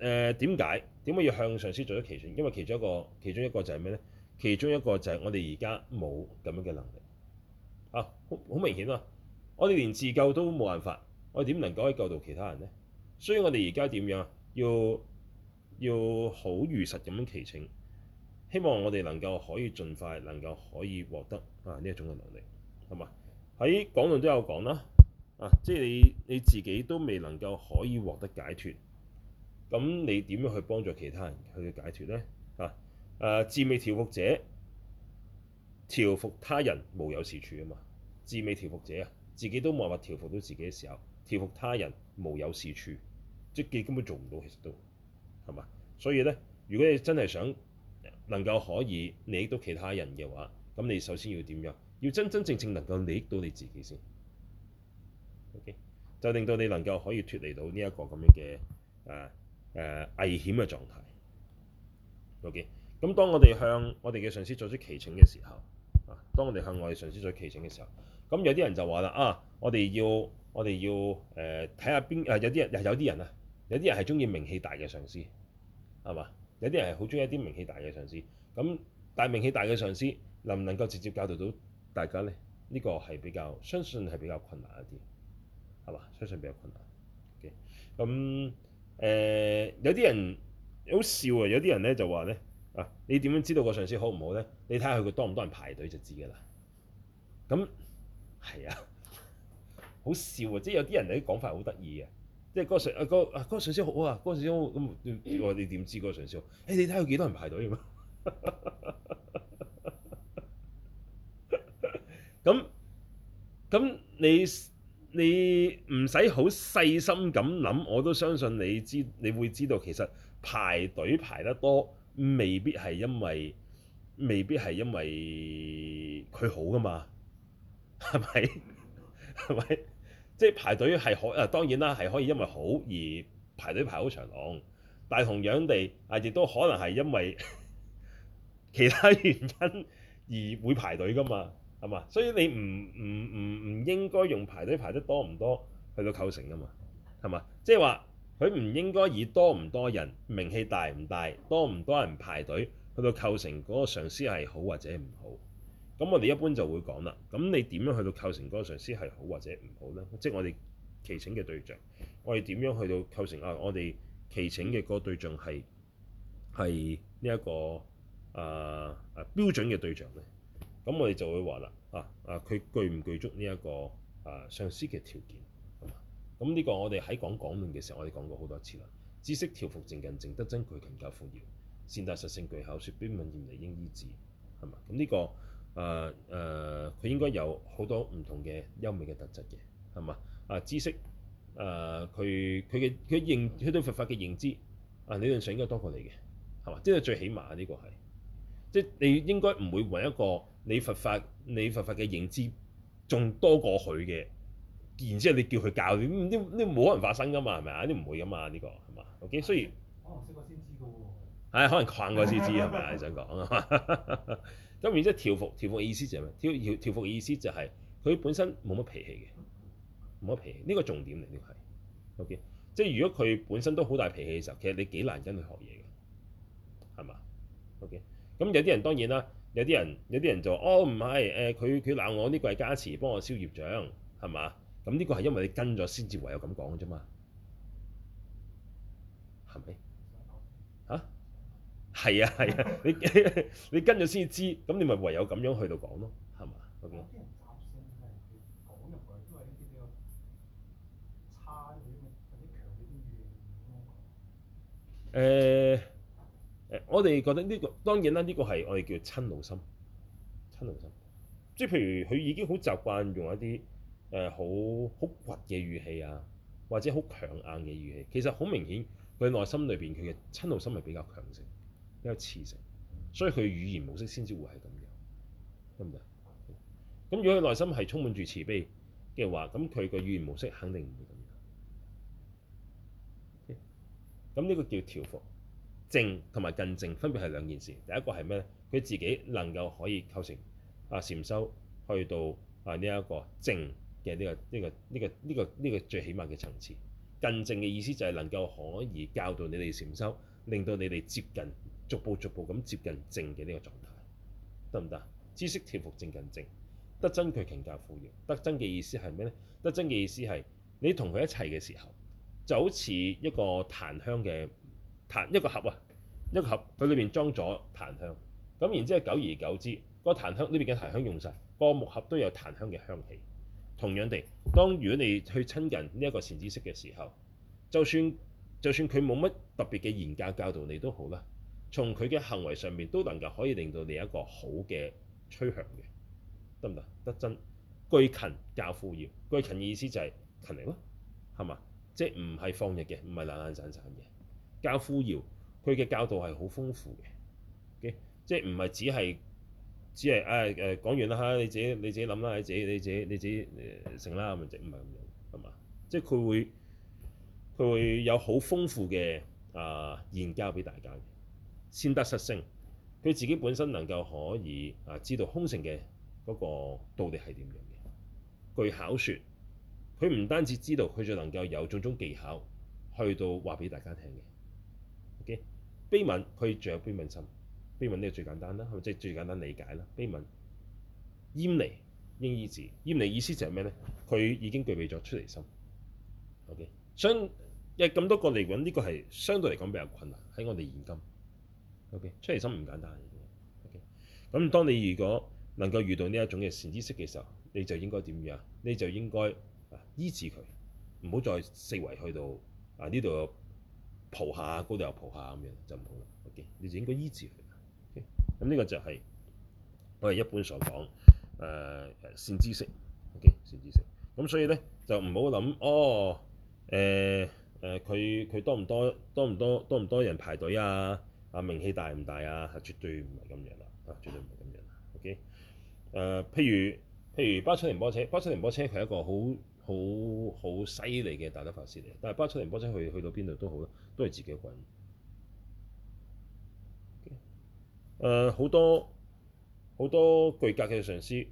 誒，點解點解要向上師作出祈請？因為其中一個，其中一個就係咩呢？其中一個就係我哋而家冇咁樣嘅能力啊，好明顯啊！我哋連自救都冇辦法，我哋點能夠去救到其他人呢？所以我哋而家點樣要？要好如實咁樣祈請，希望我哋能夠可以盡快能夠可以獲得啊呢一種嘅能力，係嘛？喺《廣論》都有講啦，啊，即係你你自己都未能夠可以獲得解脱，咁你點樣去幫助其他人去解脱呢？啊，誒自未調伏者調伏他人無有是處啊嘛！自未調伏者啊，自己都冇辦法調伏到自己嘅時候，調伏他人無有是處，即係根本做唔到，其實都。係嘛？所以咧，如果你真係想能夠可以利益到其他人嘅話，咁你首先要點樣？要真真正正能夠利益到你自己先。OK，就令到你能夠可以脱離到呢一個咁樣嘅啊誒、啊、危險嘅狀態。OK，咁當我哋向我哋嘅上師作出祈請嘅時候，啊，當我哋向我哋上師作出祈請嘅時候，咁有啲人就話啦啊，我哋要我哋要誒睇下邊誒有啲人有啲人啊。有啲人係中意名氣大嘅上司，係嘛？有啲人係好中意一啲名氣大嘅上司。咁大名氣大嘅上司能唔能夠直接教導到大家呢？呢、呢個係比較相信係比較困難一啲，係嘛？相信比較困難咁誒、okay 呃，有啲人好笑啊！有啲人咧就話呢：呢「啊，你點樣知道個上司好唔好呢？你睇下佢多唔多人排隊就知㗎啦。咁係啊，好笑啊！即係有啲人啲講法好得意嘅。即係嗰個上啊，嗰啊嗰個上司好啊，嗰、那個上司咁，我你點知嗰個上司好？那個、好你睇下、欸、有幾多人排隊咁。咁 咁 你你唔使好細心咁諗，我都相信你知，你會知道其實排隊排得多，未必係因為未必係因為佢好噶嘛，係咪？係咪？即係排隊係可啊，當然啦，係可以因為好而排隊排好長龍，但係同樣地，啊亦都可能係因為其他原因而會排隊㗎嘛，係嘛？所以你唔唔唔唔應該用排隊排得多唔多去到構成㗎嘛，係嘛？即係話佢唔應該以多唔多人、名氣大唔大、多唔多人排隊去到構成嗰個上司係好或者唔好。咁我哋一般就會講啦。咁你點樣去到構成嗰個上師係好或者唔好呢？即係我哋祈請嘅對象，我哋點樣去到構成啊？我哋祈請嘅嗰個對象係係呢一個啊啊標準嘅對象呢？咁我哋就會話啦啊啊，佢、啊、具唔具足呢、這、一個啊上師嘅條件咁啊？咁呢個我哋喺講廣論嘅時候，我哋講過好多次啦。知識調伏靜近靜德增，具勤教富饒善達實性具巧說，悲愍厭離應依止」是。係嘛？咁呢個。誒、呃、誒，佢、呃、應該有好多唔同嘅優美嘅特質嘅，係嘛？啊知識，誒佢佢嘅佢認佢對佛法嘅認知，啊理論上應該多過你嘅，係嘛？呢、這個最起碼呢個係，即、就、係、是、你應該唔會揾一個你佛法你佛法嘅認知仲多過佢嘅，然之後你叫佢教你，呢呢冇可能發生噶嘛，係咪啊？呢唔會噶嘛，呢個係嘛？OK，雖然哦，識過先知嘅喎、哎，可能困過先知係咪啊？ 你想講啊 咁然之後，調伏，調伏嘅意思就係、是、咩？調伏嘅意思就係佢本身冇乜脾氣嘅，冇乜脾氣。呢、這個重點嚟，呢、這個係。OK，即係如果佢本身都好大脾氣嘅時候，其實你幾難跟佢學嘢嘅，係嘛？OK，咁有啲人當然啦，有啲人有啲人就哦唔係誒，佢佢鬧我呢個、這個、加持，幫我消業障，係嘛？咁呢個係因為你跟咗先至唯有咁講嘅啫嘛，係咪？係啊，係啊，你 你跟住先知，咁你咪唯有咁樣去到講咯，係嘛？誒、嗯、誒、嗯嗯，我哋覺得呢、這個當然啦，呢、這個係我哋叫親怒心，親怒心，即係譬如佢已經好習慣用一啲誒好好倔嘅語氣啊，或者好強硬嘅語氣，其實好明顯佢內心裏邊佢嘅親怒心係比較強盛。一個慈悲，所以佢語言模式先至會係咁樣，得唔得？咁如果佢內心係充滿住慈悲嘅話，咁佢個語言模式肯定唔會咁樣。咁、okay. 呢個叫調伏靜同埋近靜，分別係兩件事。第一個係咩咧？佢自己能夠可以構成啊，禪修去到啊呢一、這個靜嘅呢個呢、這個呢、這個呢個呢個最起碼嘅層次。近靜嘅意思就係能夠可以教導你哋禪修，令到你哋接近。逐步逐步咁接近正嘅呢個狀態，得唔得？知識貼服正近正，得真佢傾教富盈。得真嘅意思係咩呢？得真嘅意思係你同佢一齊嘅時候，就好似一個檀香嘅檀一個盒啊，一個盒佢裏面裝咗檀香。咁然之後久而久之，個檀香呢邊嘅檀香用晒，個木盒都有檀香嘅香氣。同樣地，當如果你去親近呢一個善知識嘅時候，就算就算佢冇乜特別嘅言教教導你都好啦。從佢嘅行為上面，都能夠可以令到你一個好嘅趨向嘅，得唔得？得真。具勤教富饒，具勤意思就係勤力咯，係嘛？即係唔係放逸嘅，唔係懶懶散散嘅。教富饒，佢嘅教導係好豐富嘅，okay? 即係唔係只係只係誒誒講完啦嚇，你自己你自己諗啦，你自己你自己你自己成啦咁樣，唔係咁樣，係嘛？即係佢會佢會有好豐富嘅啊言教俾大家嘅。先得失聲，佢自己本身能夠可以啊知道空性嘅嗰個到底係點樣嘅。據考説，佢唔單止知道，佢仲能夠有種種技巧去到話俾大家聽嘅。O.K. 悲憫佢仲有悲憫心，悲憫呢個最簡單啦，係咪即係最簡單理解啦？悲憫、厭離英語字、厭離意思就係咩咧？佢已經具備咗出離心。O.K. 相因為咁多個嚟揾呢個係相對嚟講比較困難喺我哋現今。O.K. 出嚟心唔簡單嘅，O.K. 咁，當你如果能夠遇到呢一種嘅善知識嘅時候，你就應該點樣？你就應該依止佢，不要啊，依止佢，唔好再四圍去到啊呢度抱下，嗰度又抱下咁樣就唔好啦。O.K. 你就應該依止佢。O.K. 咁呢個就係、是、我哋一般所講誒、呃、善知識。O.K. 善知識。咁所以咧就唔好諗哦佢佢、呃呃、多唔多多唔多多唔多人排隊啊？名氣大唔大啊？係絕對唔係咁樣啦，啊，絕對唔係咁樣，絕對樣。OK，誒、呃，譬如譬如巴楚仁波切，巴楚仁波切係一個好好好犀利嘅大德法師嚟。但係巴楚仁波切去去到邊度都好啦，都係自己一個人。誒、okay? 呃，好多好多具格嘅上師，誒、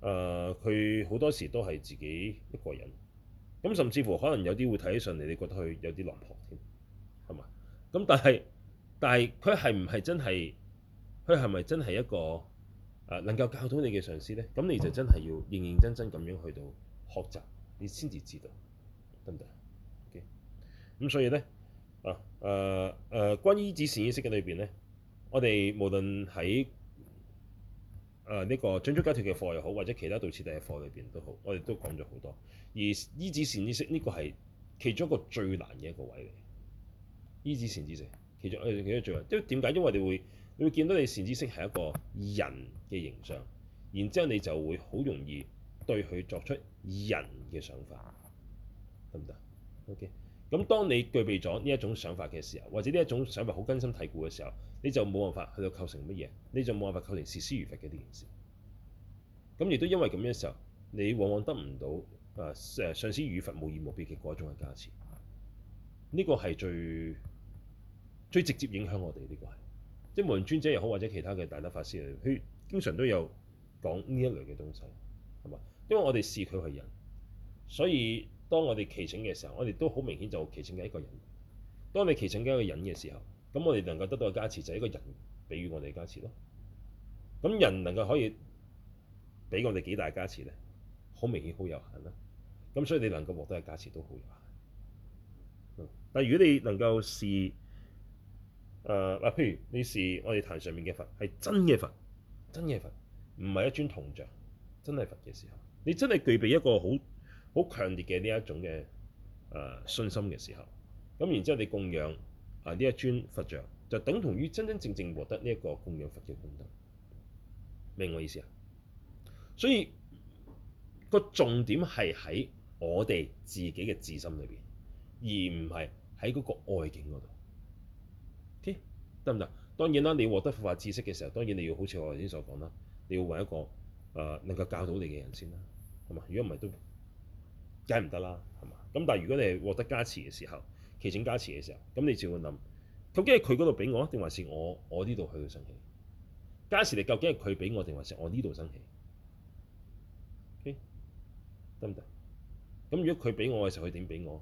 呃，佢好多時都係自己一個人。咁甚至乎可能有啲會睇起上嚟，你覺得佢有啲落魄添，係嘛？咁但係。但係佢係唔係真係佢係咪真係一個誒、呃、能夠教到你嘅上司咧？咁你就真係要認認真真咁樣去到學習，你先至知道得唔得？咁、okay. 所以咧啊誒誒、呃呃，關於依止善知識嘅裏邊咧，我哋無論喺誒呢個準足解脫嘅課又好，或者其他道次第嘅課裏邊都好，我哋都講咗好多。而依止善知識呢個係其中一個最難嘅一個位嚟，依止善知識。其實誒幾因為點解？因為你會你會見到你善知識係一個人嘅形象，然之後你就會好容易對佢作出人嘅想法，得唔得？OK。咁當你具備咗呢一種想法嘅時候，或者呢一種想法好根深蒂固嘅時候，你就冇辦法去到構成乜嘢，你就冇辦法構成視師如佛嘅一啲嘢。咁亦都因為咁樣嘅時候，你往往得唔到啊誒上師如佛無二無別嘅嗰種嘅加持。呢、這個係最。最直接影響我哋呢個係，即係無論尊者又好或者其他嘅大德法師嚟，佢經常都有講呢一類嘅東西，係嘛？因為我哋視佢係人，所以當我哋祈請嘅時候，我哋都好明顯就祈請緊一個人。當你祈請緊一個人嘅時候，咁我哋能夠得到嘅加持就係一個人俾於我哋嘅加持咯。咁人能夠可以俾我哋幾大加持咧？好明顯好有限啦。咁所以你能夠獲得嘅加持都好有限。但係如果你能夠試，誒、呃、嗱，譬如你視我哋壇上面嘅佛係真嘅佛，真嘅佛，唔係一尊銅像，真係佛嘅時候，你真係具備一個好好強烈嘅呢一種嘅誒、呃、信心嘅時候，咁然之後你供養啊呢一尊佛像，就等同於真真正正獲得呢一個供養佛嘅功德，明我意思啊？所以個重點係喺我哋自己嘅自心裏邊，而唔係喺嗰個外境嗰度。得唔得？當然啦，你獲得佛法知識嘅時候，當然你要好似我頭先所講啦，你要為一個誒、呃、能夠教到你嘅人先啦，係嘛？如果唔係都梗唔得啦，係嘛？咁但係如果你係獲得加持嘅時候，祈請加持嘅時候，咁你就會諗，究竟係佢嗰度俾我，定還是我我呢度去佢生氣？加持你，究竟係佢俾我，定還是我呢度生氣？OK，得唔得？咁如果佢俾我嘅時候，佢點俾我？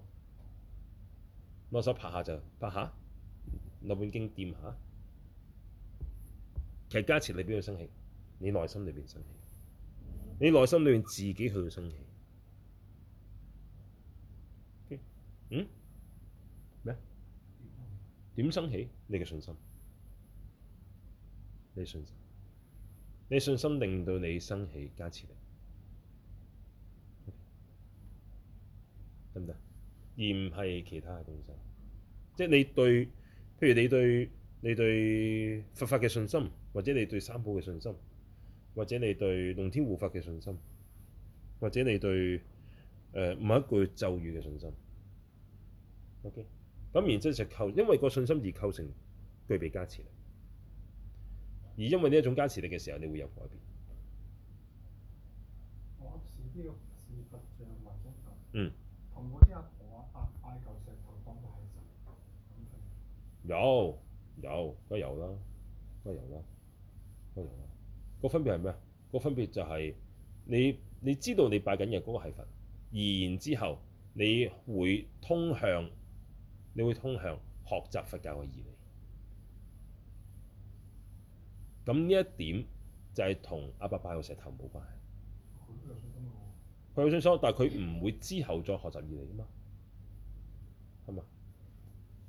攞手拍下就拍下。內本經掂下，其實加持力邊度生起？你內心裏邊生起，你內心裏邊自己去到生起。嗯？咩啊？點生起？你嘅信心，你信心，你信心令到你生起，加持力得唔得？而唔係其他嘅東西，即係你對。譬如你對你對佛法嘅信心，或者你對三寶嘅信心，或者你對龍天護法嘅信心，或者你對誒、呃、某一句咒語嘅信心。O.K. 咁然之後構，因為個信心而構成具備加持力，而因為呢一種加持力嘅時候，你會有改變。嗯。有有，梗有啦，梗有啦，梗有啦。有那個分別係咩啊？那個分別就係你你知道你拜緊嘅嗰個係佛，而然之後你會通向，你會通向學習佛教嘅義理。咁呢一點就係同阿伯拜個石頭冇關係。佢有信心，但係佢唔會之後再學習義理啊嘛，係咪？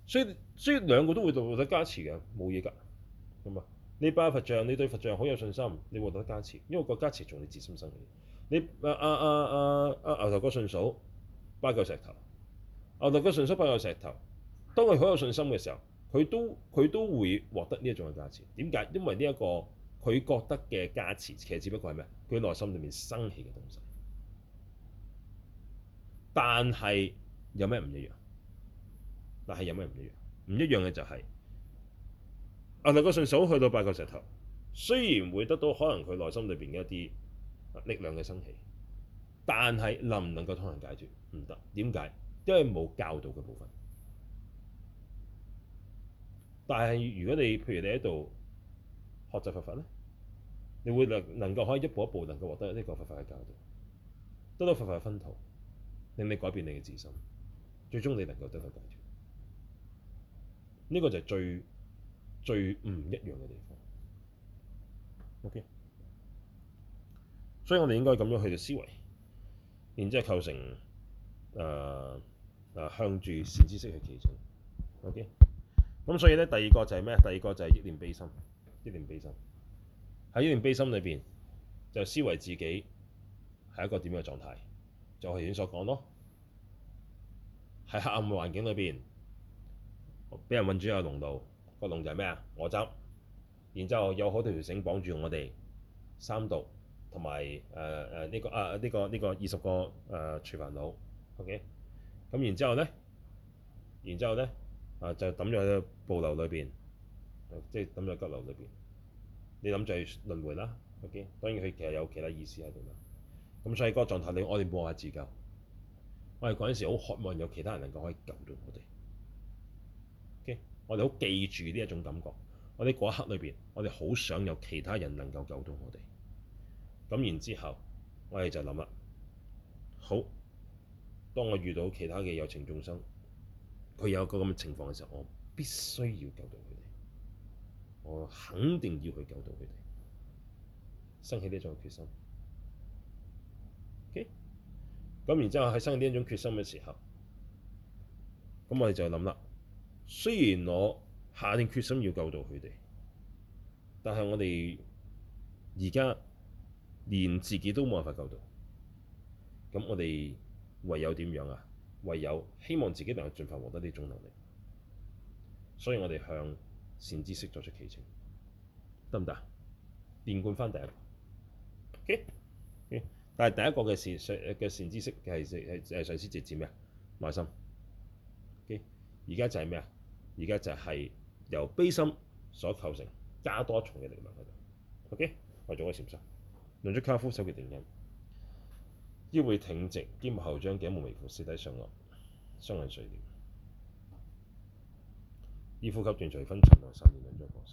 所以所以兩個都會獲得加持嘅，冇嘢噶，咁啊！你拜佛像，你對佛像好有信心，你獲得加持，因為個加持從你自心生起。你啊啊啊啊牛頭哥信嫂，拜個石頭；牛頭哥信嫂，拜個石頭。當佢好有信心嘅時候，佢都佢都會獲得呢一種嘅加持。點解？因為呢一個佢覺得嘅加持，其實只不過係咩？佢內心裡面生起嘅東西。但係有咩唔一樣？但係有咩唔一樣？唔一樣嘅就係、是、啊！兩個順手去到八個石頭，雖然會得到可能佢內心裏邊嘅一啲力量嘅升起，但係能唔能夠通行解決？唔得。點解？因為冇教導嘅部分。但係如果你譬如你喺度學習佛法咧，你會能能夠可以一步一步能夠獲得呢個佛法嘅教導，得到佛法嘅分途，令你改變你嘅自心，最終你能夠得到解決。呢、個就係最最唔一樣嘅地方。OK，所以我哋應該咁樣去到思維，然之後構成誒誒、呃呃、向住善知識去其中。O K，咁所以咧第二個就係咩？第二個就係憶念悲心。憶念悲心喺憶念悲心裏邊就思維自己係一個點樣嘅狀態？就係你所講咯。喺黑暗嘅環境裏邊。俾人搵住喺籠度，個籠就係咩啊？我執，然之後有好多條繩綁住我哋三毒，同埋誒誒呢個啊呢、呃呢個呢、呢個二十個誒廚房佬。O K，咁然之後咧，然之後咧啊就抌咗喺暴流裏邊，即係抌咗喺急流裏邊。你諗住係輪迴啦。OK，當然佢其實有其他意思喺度啦。咁所以嗰個狀態，你我哋冇話自救，我哋嗰陣時好渴望有其他人能夠可以救到我哋。我哋好記住呢一種感覺，我哋嗰一刻裏邊，我哋好想有其他人能夠救到我哋。咁然之後，我哋就諗啦，好，當我遇到其他嘅有情眾生，佢有個咁嘅情況嘅時候，我必須要救到佢哋，我肯定要去救到佢哋，生起呢一種決心。OK，咁然之後喺生起呢一種決心嘅時候，咁我哋就諗啦。雖然我下定決心要救到佢哋，但係我哋而家連自己都冇辦法救到，咁我哋唯有點樣啊？唯有希望自己能夠盡快獲得呢種能力，所以我哋向善知識作出祈請，得唔得？連貫翻第一個 okay? Okay? 但係第一個嘅善善嘅善知識係係係上師直接咩啊？馬心，okay？而家就係咩啊？而家就係由悲心所構成的加多重嘅力量，佢就 OK，我做個禪修，用咗卡夫手嘅定音。腰背挺直，肩部後張，頸部微曲，舌底上落，雙眼垂簾，醫呼吸完全分層流散，令人覺得放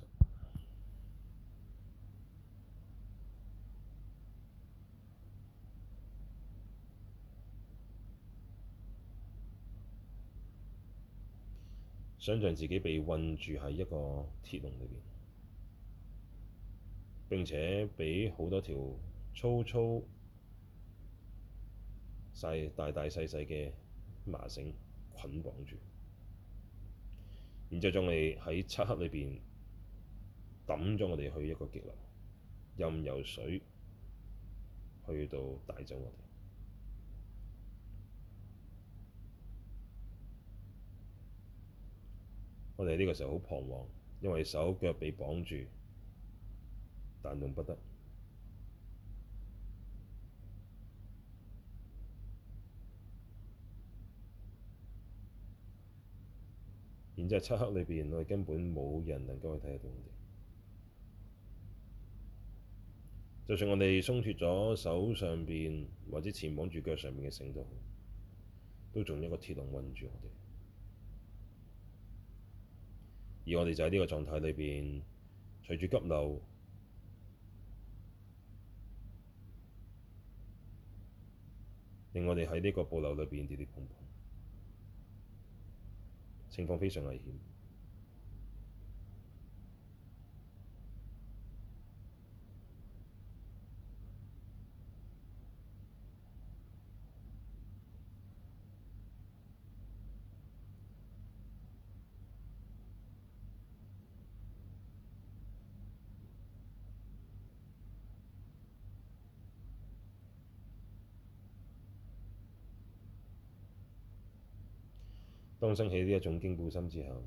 想象自己被困住喺一個鐵籠裏面，並且被好多條粗粗、細大大細細嘅麻繩捆綁住，然後將你喺漆黑裏面揼咗我哋去一個激流，任由水去到帶走我哋。我哋呢個時候好彷徨，因為手腳被綁住，彈動不得。然之後，漆黑裏邊，我哋根本冇人能夠去睇得到我哋。就算我哋鬆脱咗手上邊或者纏綁住腳上面嘅繩都好，都仲有一個鐵籠困住我哋。而我哋就喺呢個狀態裏邊，隨住急流，令我哋喺呢個暴流裏邊跌跌碰碰，情況非常危險。當升起呢一種堅固心之後，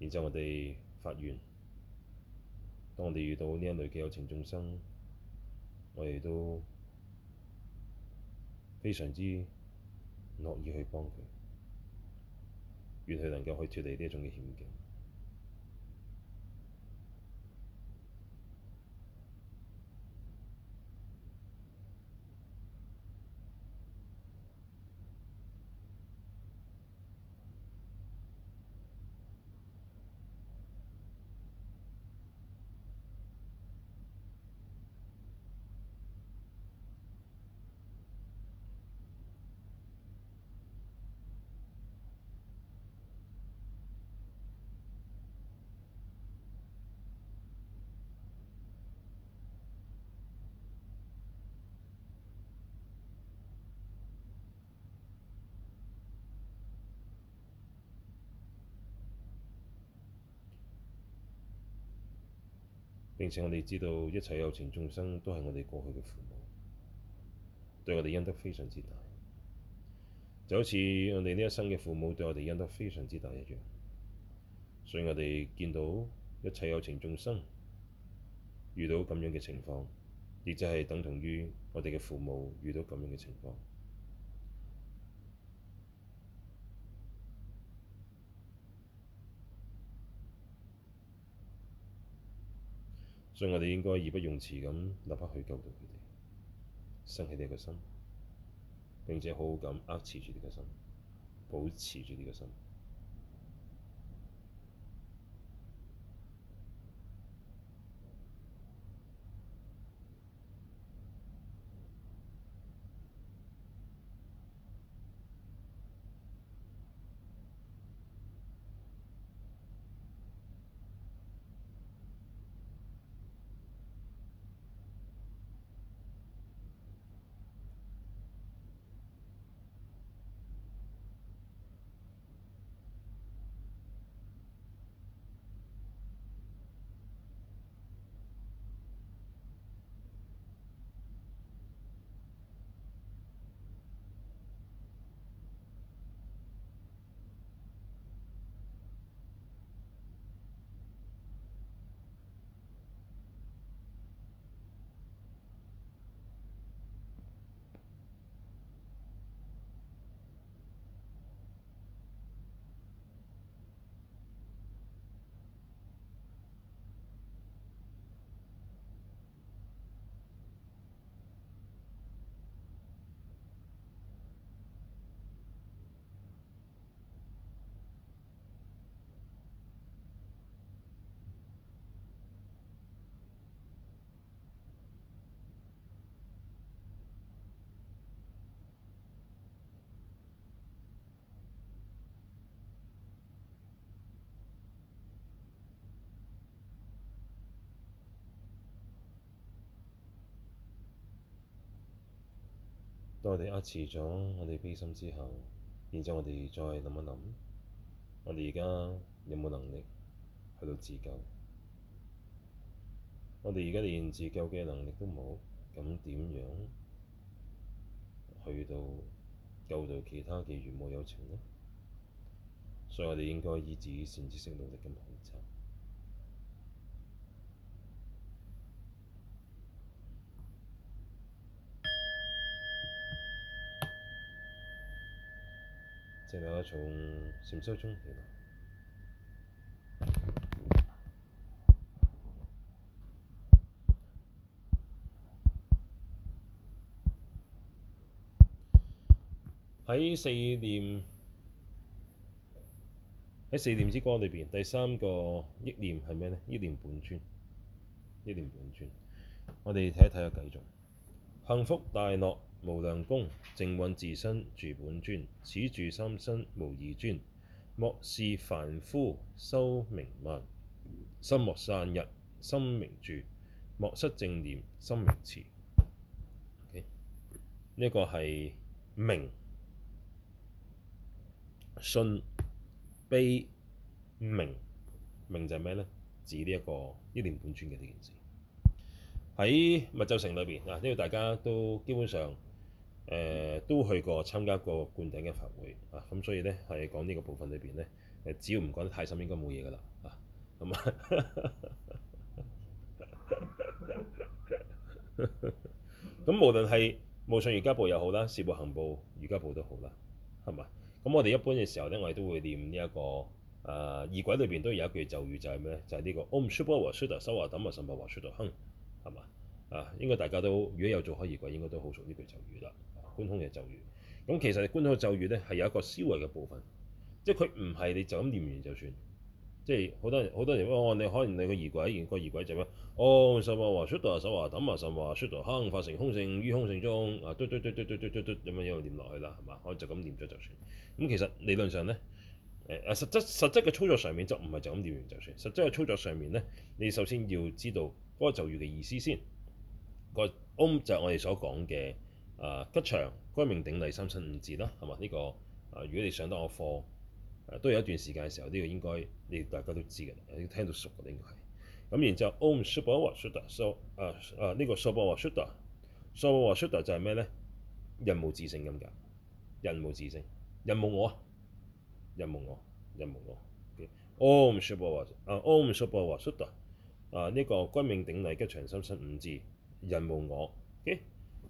然之後我哋發願，當我哋遇到呢一類嘅有情眾生，我哋都非常之樂意去幫佢，願佢能夠去脫離呢一種嘅險境。並且我哋知道，一切有情眾生都係我哋過去嘅父母，對我哋恩德非常之大，就好似我哋呢一生嘅父母對我哋恩德非常之大一樣。所以我哋見到一切有情眾生遇到咁樣嘅情況，亦就係等同於我哋嘅父母遇到咁樣嘅情況。所以我哋應該義不容辭咁立刻去救到佢哋，升起你嘅心，並且好好咁握持住你嘅心，保持住你嘅心。當我哋呃遲咗，我哋悲心之後，然之後我哋再諗一諗，我哋而家有冇能力去到自救？我哋而家連自救嘅能力都冇，咁點樣去到救到其他嘅願望有情呢？所以我哋應該以自己善知識努力咁。仲有一種禪修中喺四念。喺四念之歌裏邊，第三個憶念係咩呢？憶念本尊。憶念本尊，我哋睇一睇啊！繼續。幸福大樂。無量宮，淨蘊自身住本尊，此住三身無二尊。莫視凡夫修明慢，心莫散逸，深明住，莫失正念深明持。呢一個係明信悲明，明就係咩呢？指呢、這個、一個一念本尊嘅呢件事。喺密咒城裏邊啊，因為大家都基本上。誒都去過參加過灌頂嘅法會啊，咁所以咧係講呢個部分裏邊咧誒，只要唔講得太深，應該冇嘢㗎啦啊。咁啊，咁 無論係無上瑜伽部又好啦，事部行部瑜伽部都好啦，係嘛？咁我哋一般嘅時候咧，我哋都會念呢、這、一個誒儀軌裏邊都有一句咒語就，就係、是、咩、這個？就係呢個 Om Svabhava Shuddha Sarva Dharma Svabhava Shuddho 哼，係嘛？啊，應該大家都如果有做開儀軌，應該都好熟呢句咒語啦。觀空嘅咒語咁，其實觀空嘅咒語咧係有一個思維嘅部分，即係佢唔係你就咁念完就算，即係好多人，好多人候，我、哦、你開你、那個儀軌，個儀軌就咩？哦，十華華出度，十華揼啊，十華出度，空法成空性於空性中啊，嘟嘟嘟嘟嘟嘟嘟，咁樣一路唸落去啦，係嘛？我就咁念咗就算。咁其實理論上咧，誒啊實質實質嘅操作上面就唔係就咁念完就算。實質嘅操作上面咧，你首先要知道嗰個咒語嘅意思先。個唵就係我哋所講嘅。啊！吉祥、皈命頂禮、三身五智啦，係嘛？呢個啊，如果你上得我課，都有一段時間嘅時候，呢、這個應該你大家都知嘅，聽到熟嘅應該係。咁然之後，Om Shubha Shuddha o 啊 e r Shubha Shuddha 就係咩咧？人無自性咁解，人無自性，人無我，人無我，人無我。Om Shubha Ah，Om Shubha Shuddha 啊呢、啊這個皈命頂禮、吉祥三身五智，人無我。Okay?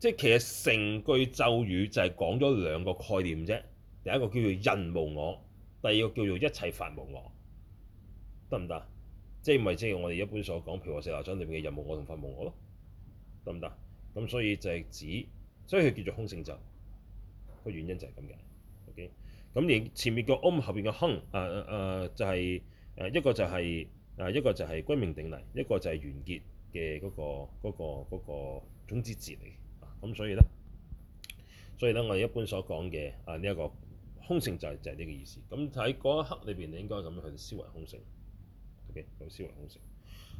即係其實成句咒語就係講咗兩個概念啫。第一個叫做人無我，第二個叫做一切法無我，得唔得？即係唔係即係我哋一般所講，譬如話《四諦章》裏面嘅人無我同法無我咯，得唔得？咁所以就係指，所以佢叫做空性咒。個原因就係咁嘅。OK，咁而前面個嗡，後面嘅哼啊啊就係一個就係一個就係歸命頂禮，一個就係完結嘅嗰個嗰、那個嗰、那個種子字嚟、那個那個咁所以咧，所以咧，我哋一般所講嘅啊呢一、這個空性就係、是、就係呢個意思。咁喺嗰一刻裏邊，你應該咁樣去思維空性。O.K. 去思維空性。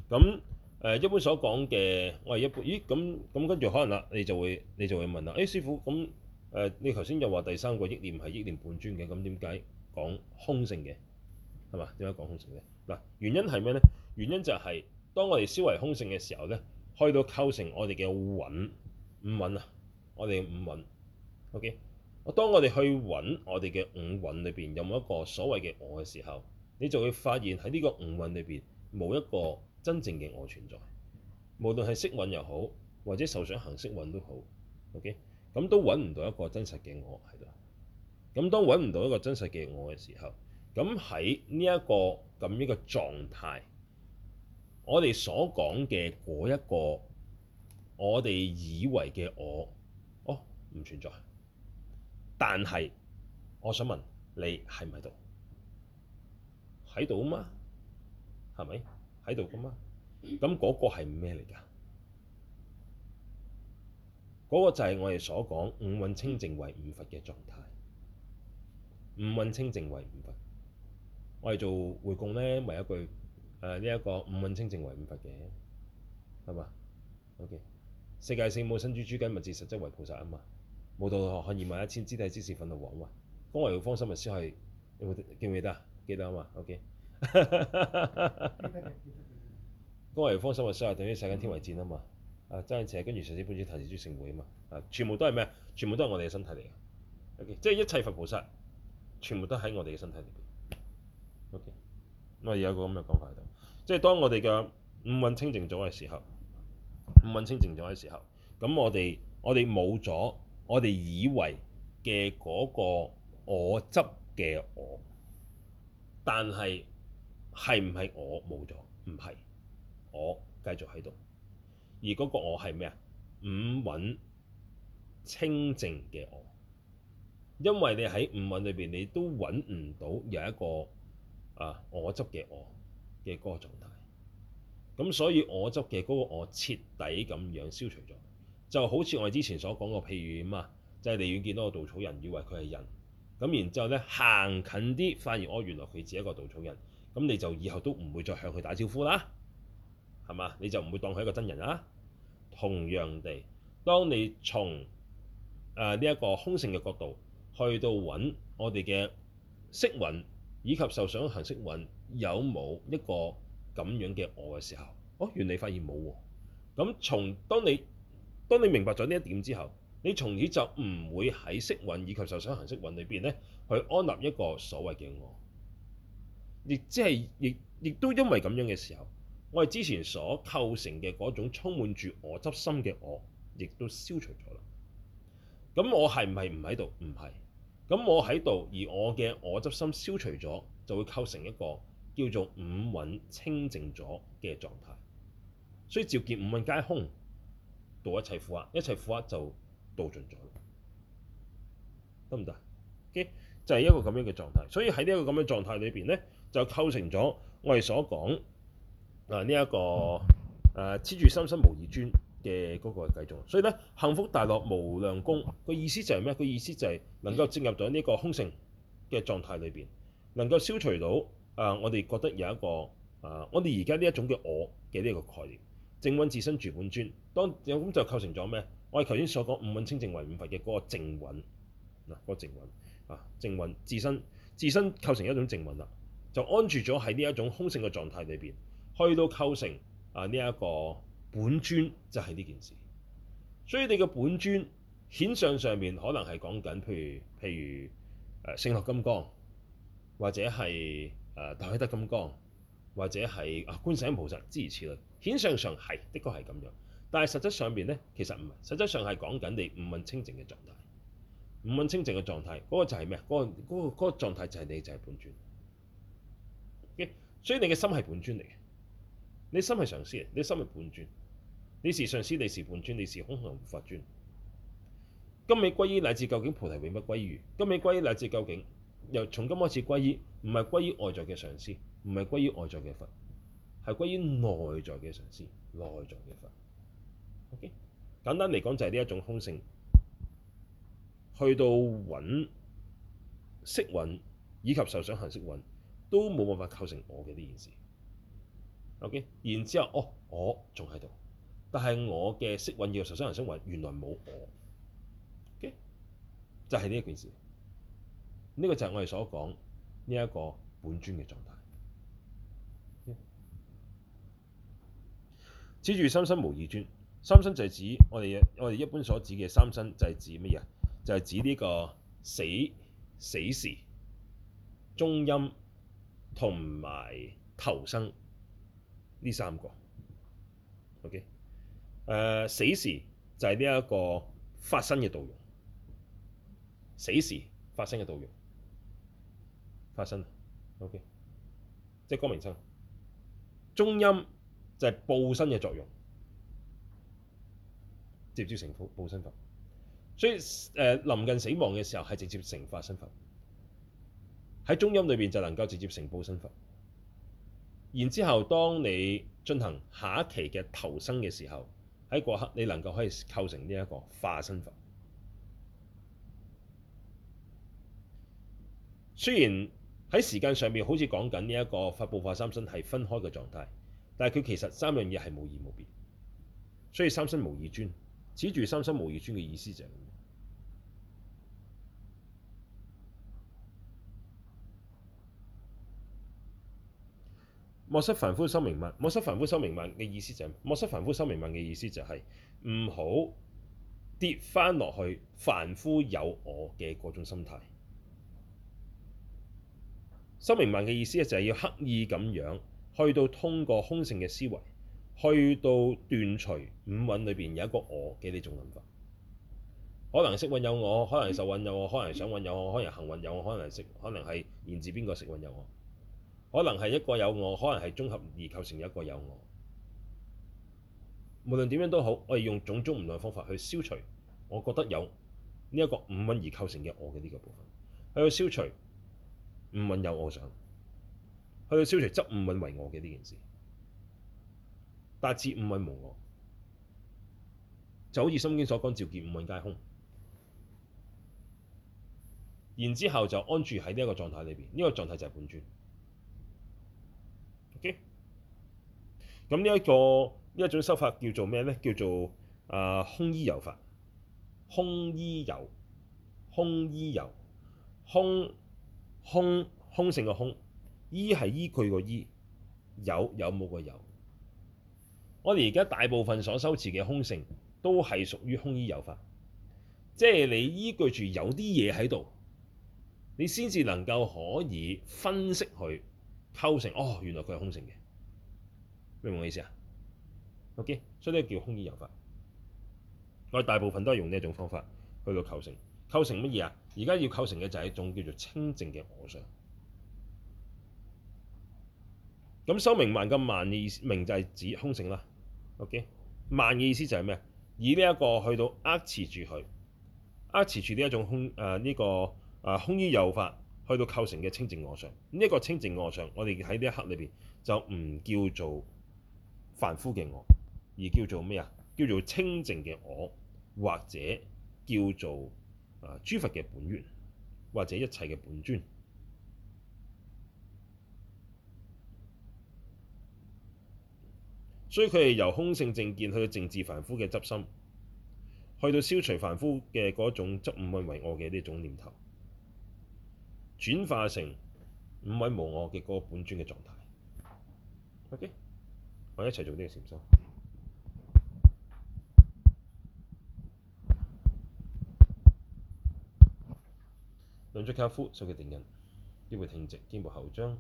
咁誒、呃、一般所講嘅，我係一般咦咁咁跟住可能啊，你就會你就會問啦：誒、哎、師傅咁誒、呃、你頭先又話第三個憶念係憶念本尊嘅，咁點解講空性嘅係嘛？點解講空性嘅嗱、啊？原因係咩咧？原因就係、是、當我哋思維空性嘅時候咧，可以到構成我哋嘅魂。五蘊啊，我哋五蘊，OK。我當我哋去揾我哋嘅五蘊裏邊有冇一個所謂嘅我嘅時候，你就會發現喺呢個五蘊裏邊冇一個真正嘅我存在。無論係色蘊又好，或者受想行識蘊好、OK? 都好，OK。咁都揾唔到一個真實嘅我喺度。咁當揾唔到一個真實嘅我嘅時候，咁喺呢一個咁呢個狀態，我哋所講嘅嗰一個。我哋以為嘅我，哦，唔存在。但係，我想問你喺唔喺度？喺度啊嘛？係咪？喺度啊嘛？咁、那、嗰個係咩嚟㗎？嗰、那個就係我哋所講五蘊清淨為五佛嘅狀態。五蘊清淨為五佛。我哋做回供呢咪一句誒呢一個五蘊清淨為五佛嘅，係嘛？OK。世界性冇身豬豬雞，物質實質為菩薩啊嘛！冇道學看二萬一千肢體之士憤怒王啊嘛！光為方心物師係記唔記得啊？記得啊嘛，OK。 光為方心物師係等於世界天為戰啊嘛、嗯！啊爭，邪跟住上師本尊提示豬聖會啊嘛！啊全部都係咩？全部都係我哋嘅身體嚟嘅，OK。即係一切佛菩薩，全部都喺我哋嘅身體裏邊，OK。咁啊，有個咁嘅講法喺度，即係當我哋嘅五運清淨咗嘅時候。五蘊清靜咗嘅時候，咁我哋我哋冇咗，我哋以為嘅嗰個我執嘅我，但係係唔係我冇咗？唔係，我繼續喺度，而嗰個我係咩啊？五蘊清靜嘅我，因為你喺五蘊裏邊，你都揾唔到有一個啊的我執嘅我嘅嗰個狀態。咁所以，我執嘅嗰個，我徹底咁樣消除咗，就好似我哋之前所講過，譬如啊，即係你遠見到個稻草人，以為佢係人，咁然之後呢行近啲，發現哦，原來佢只係一個稻草人，咁你就以後都唔會再向佢打招呼啦，係嘛？你就唔會當佢一個真人啦。同樣地，當你從誒呢一個空性嘅角度去到揾我哋嘅色蘊，以及受想行識蘊，有冇一個？咁樣嘅我嘅時候，哦，原來發現冇喎、啊。咁從當你當你明白咗呢一點之後，你從此就唔會喺色蘊以及受想行識蘊裏邊呢去安立一個所謂嘅我，亦即係亦亦都因為咁樣嘅時候，我哋之前所構成嘅嗰種充滿住我執心嘅我，亦都消除咗啦。咁我係唔係唔喺度？唔係。咁我喺度，而我嘅我執心消除咗，就會構成一個。叫做五蘊清淨咗嘅狀態，所以照見五蘊皆空，度一切苦厄，一切苦厄就度盡咗，得唔得？就係一個咁樣嘅狀態。所以喺呢一個咁樣嘅狀態裏邊呢，就構成咗我哋所講啊呢一、這個誒，黐、啊、住三身無二尊嘅嗰個計狀。所以呢，幸福大樂無量宮嘅意思就係咩？個意思就係能夠進入到呢個空性嘅狀態裏邊，能夠消除到。誒、啊，我哋覺得有一個誒、啊，我哋而家呢一種嘅我嘅呢個概念，淨蘊自身住本尊，當有咁就構成咗咩？我哋頭先所講五蘊清淨為五佛嘅嗰個淨蘊嗱，嗰、那個淨蘊啊，淨蘊、啊、自身自身構成一種淨蘊啦，就安住咗喺呢一種空性嘅狀態裏邊，去到構成啊呢一、這個本尊就係、是、呢件事。所以你嘅本尊顯相上面可能係講緊，譬如譬如誒、啊《勝樂金剛》或者係。誒、呃，大威德金剛或者係啊觀世音菩薩諸如此類，顯象上係的確係咁樣，但係實質上邊咧其實唔係，實質上係講緊你唔問清淨嘅狀態，唔問清淨嘅狀態，嗰、那個就係咩啊？嗰、那個嗰、那個那個、狀態就係你就係、是、本尊，okay? 所以你嘅心係本尊嚟嘅，你心係上師，你心係本尊，你是上師，你是本尊，你是空行護法尊，今尾皈依乃至究竟菩提永不歸於，今尾皈依乃至究竟。由從今開始歸依，唔係歸依外在嘅上師，唔係歸依外在嘅佛，係歸依內在嘅上師，內在嘅佛。OK，簡單嚟講就係呢一種空性，去到蘊色蘊以及受想行識蘊都冇辦法構成我嘅呢件事。OK，然之後哦，我仲喺度，但係我嘅色蘊要受想行識蘊原來冇我。OK，就係呢一件事。呢、這個就係我哋所講呢一個本尊嘅狀態。此、嗯、住三身無二尊，三身就係指我哋我哋一般所指嘅三身就係指乜嘢？就係、是、指呢個死死時、中陰同埋投生呢三個。OK，誒、呃，死時就係呢一個發生嘅道用，死時發生嘅道用。化身，OK，即係光明身。中音就係報身嘅作用，直接成報報身法。所以誒、呃，臨近死亡嘅時候係直接成化身法。喺中音裏邊就能夠直接成報身法。然之後，當你進行下一期嘅投生嘅時候，喺過刻你能夠可以構成呢一個化身法。雖然喺時間上面好似講緊呢一個佈法報化三身係分開嘅狀態，但係佢其實三樣嘢係無異無別，所以三身無二尊。指住三身無二尊嘅意思就係、是：莫視凡夫修明慢。莫視凡夫修明慢嘅意思就係、是：莫視凡夫修明慢嘅意思就係唔好跌翻落去凡夫有我嘅嗰種心態。心明慢嘅意思就係要刻意咁樣去到通過空性嘅思維，去到斷除五蘊裏邊有一個我嘅呢種諗法。可能識蘊有我，可能受蘊有我，可能想蘊有我，可能行蘊有我，可能係識，可能係言字邊個識蘊有我，可能係一個有我，可能係綜合而構成一個有我。無論點樣都好，我哋用種種唔同嘅方法去消除，我覺得有呢一個五蘊而構成嘅我嘅呢、呢個部分去到消除。五蘊有我相，去到消除執，五蘊為我嘅呢件事，達至五蘊無我，就好似心經所講，照見五蘊皆空。然之後就安住喺呢一個狀態裏邊，呢、這個狀態就係本尊。O K，咁呢一個呢一種修法叫做咩呢？叫做啊、呃、空依有法，空依有，空依有，空。空空性嘅空，依係依佢個依，有有冇個有。我哋而家大部分所修持嘅空性，都係屬於空依有法，即係你依據住有啲嘢喺度，你先至能夠可以分析佢構成。哦，原來佢係空性嘅，明唔明我意思啊？OK，所以呢個叫空依有法。我哋大部分都係用呢一種方法去到構成。構成乜嘢啊？而家要構成嘅就係一種叫做清淨嘅我相。咁修明慢嘅慢嘅意思，明就係指空性啦。OK，慢嘅意思就係咩？以呢一個去到扼持住佢，扼持住呢一種空誒呢、呃這個誒、呃、空於有法，去到構成嘅清淨我相。呢、這、一個清淨我相，我哋喺呢一刻裏邊就唔叫做凡夫嘅我，而叫做咩啊？叫做清淨嘅我，或者叫做。啊！諸佛嘅本源或者一切嘅本尊，所以佢係由空性正見去到淨治凡夫嘅執心，去到消除凡夫嘅嗰種執五蘊為我嘅呢種念頭，轉化成五蘊無我嘅嗰個本尊嘅狀態。OK，我哋一齊做呢個禪修。雙腳跏趺，手結定印，腰部挺直，肩部後張，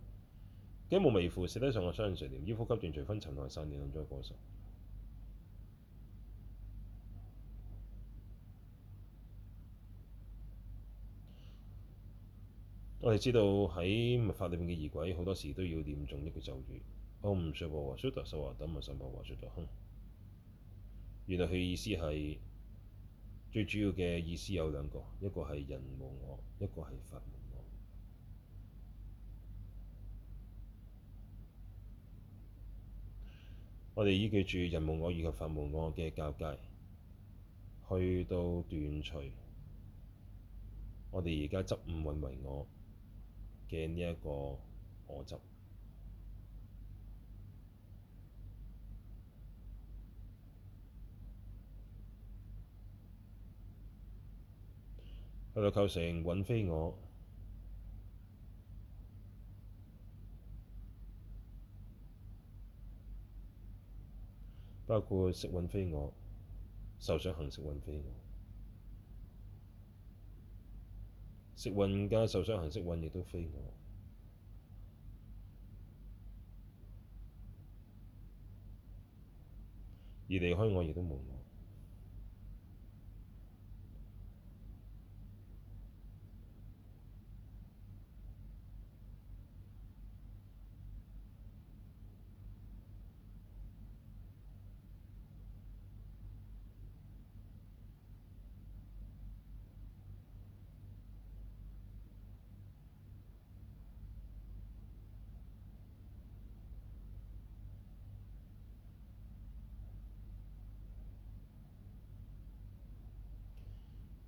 頸部微俯，舌抵上嘅，雙眼垂簾，腰腹急住，隨分層內散練動作過熟。手我哋知道喺密法裏面嘅儀軌好多時都要念中一句咒語，康悟禪婆話：須陀斯話等啊，信婆話須陀空。原來佢意思係，最主要嘅意思有兩個，一個係人無我，一個係法無我。我哋依記住人無我以及法無我嘅交界，去到斷除我哋而家執五蘊為我嘅呢一個我執。佢就構成蘊非我，包括色蘊非我，受想行識蘊非我，色蘊加受想行識蘊亦都非我，而離開我亦都無。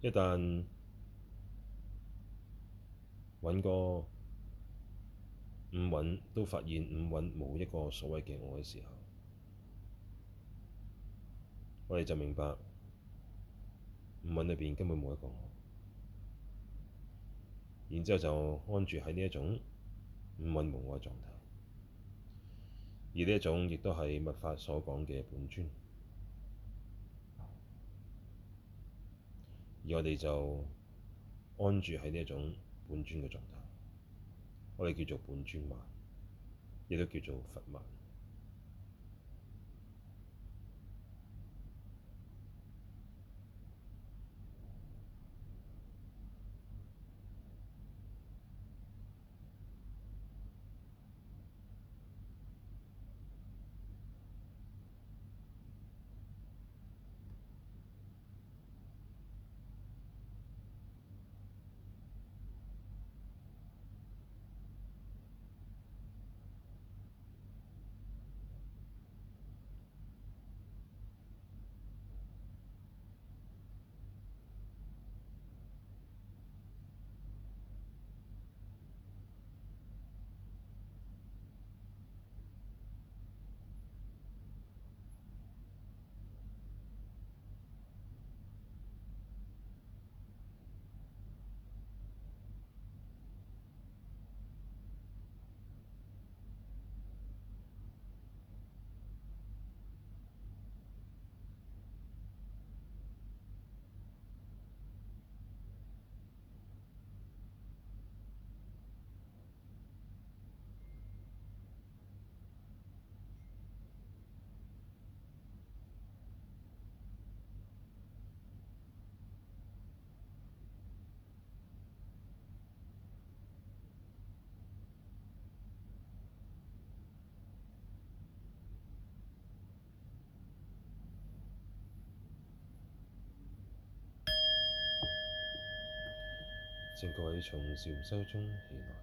一旦揾個五蘊，都發現五蘊冇一個所謂嘅我嘅時候，我哋就明白五蘊裏邊根本冇一個我，然之後就安住喺呢一種五蘊無我嘅狀態，而呢一種亦都係密法所講嘅本尊。而我哋就安住喺呢一種本尊嘅狀態，我哋叫做本尊慢，亦都叫做佛慢。喺從禪修中而來。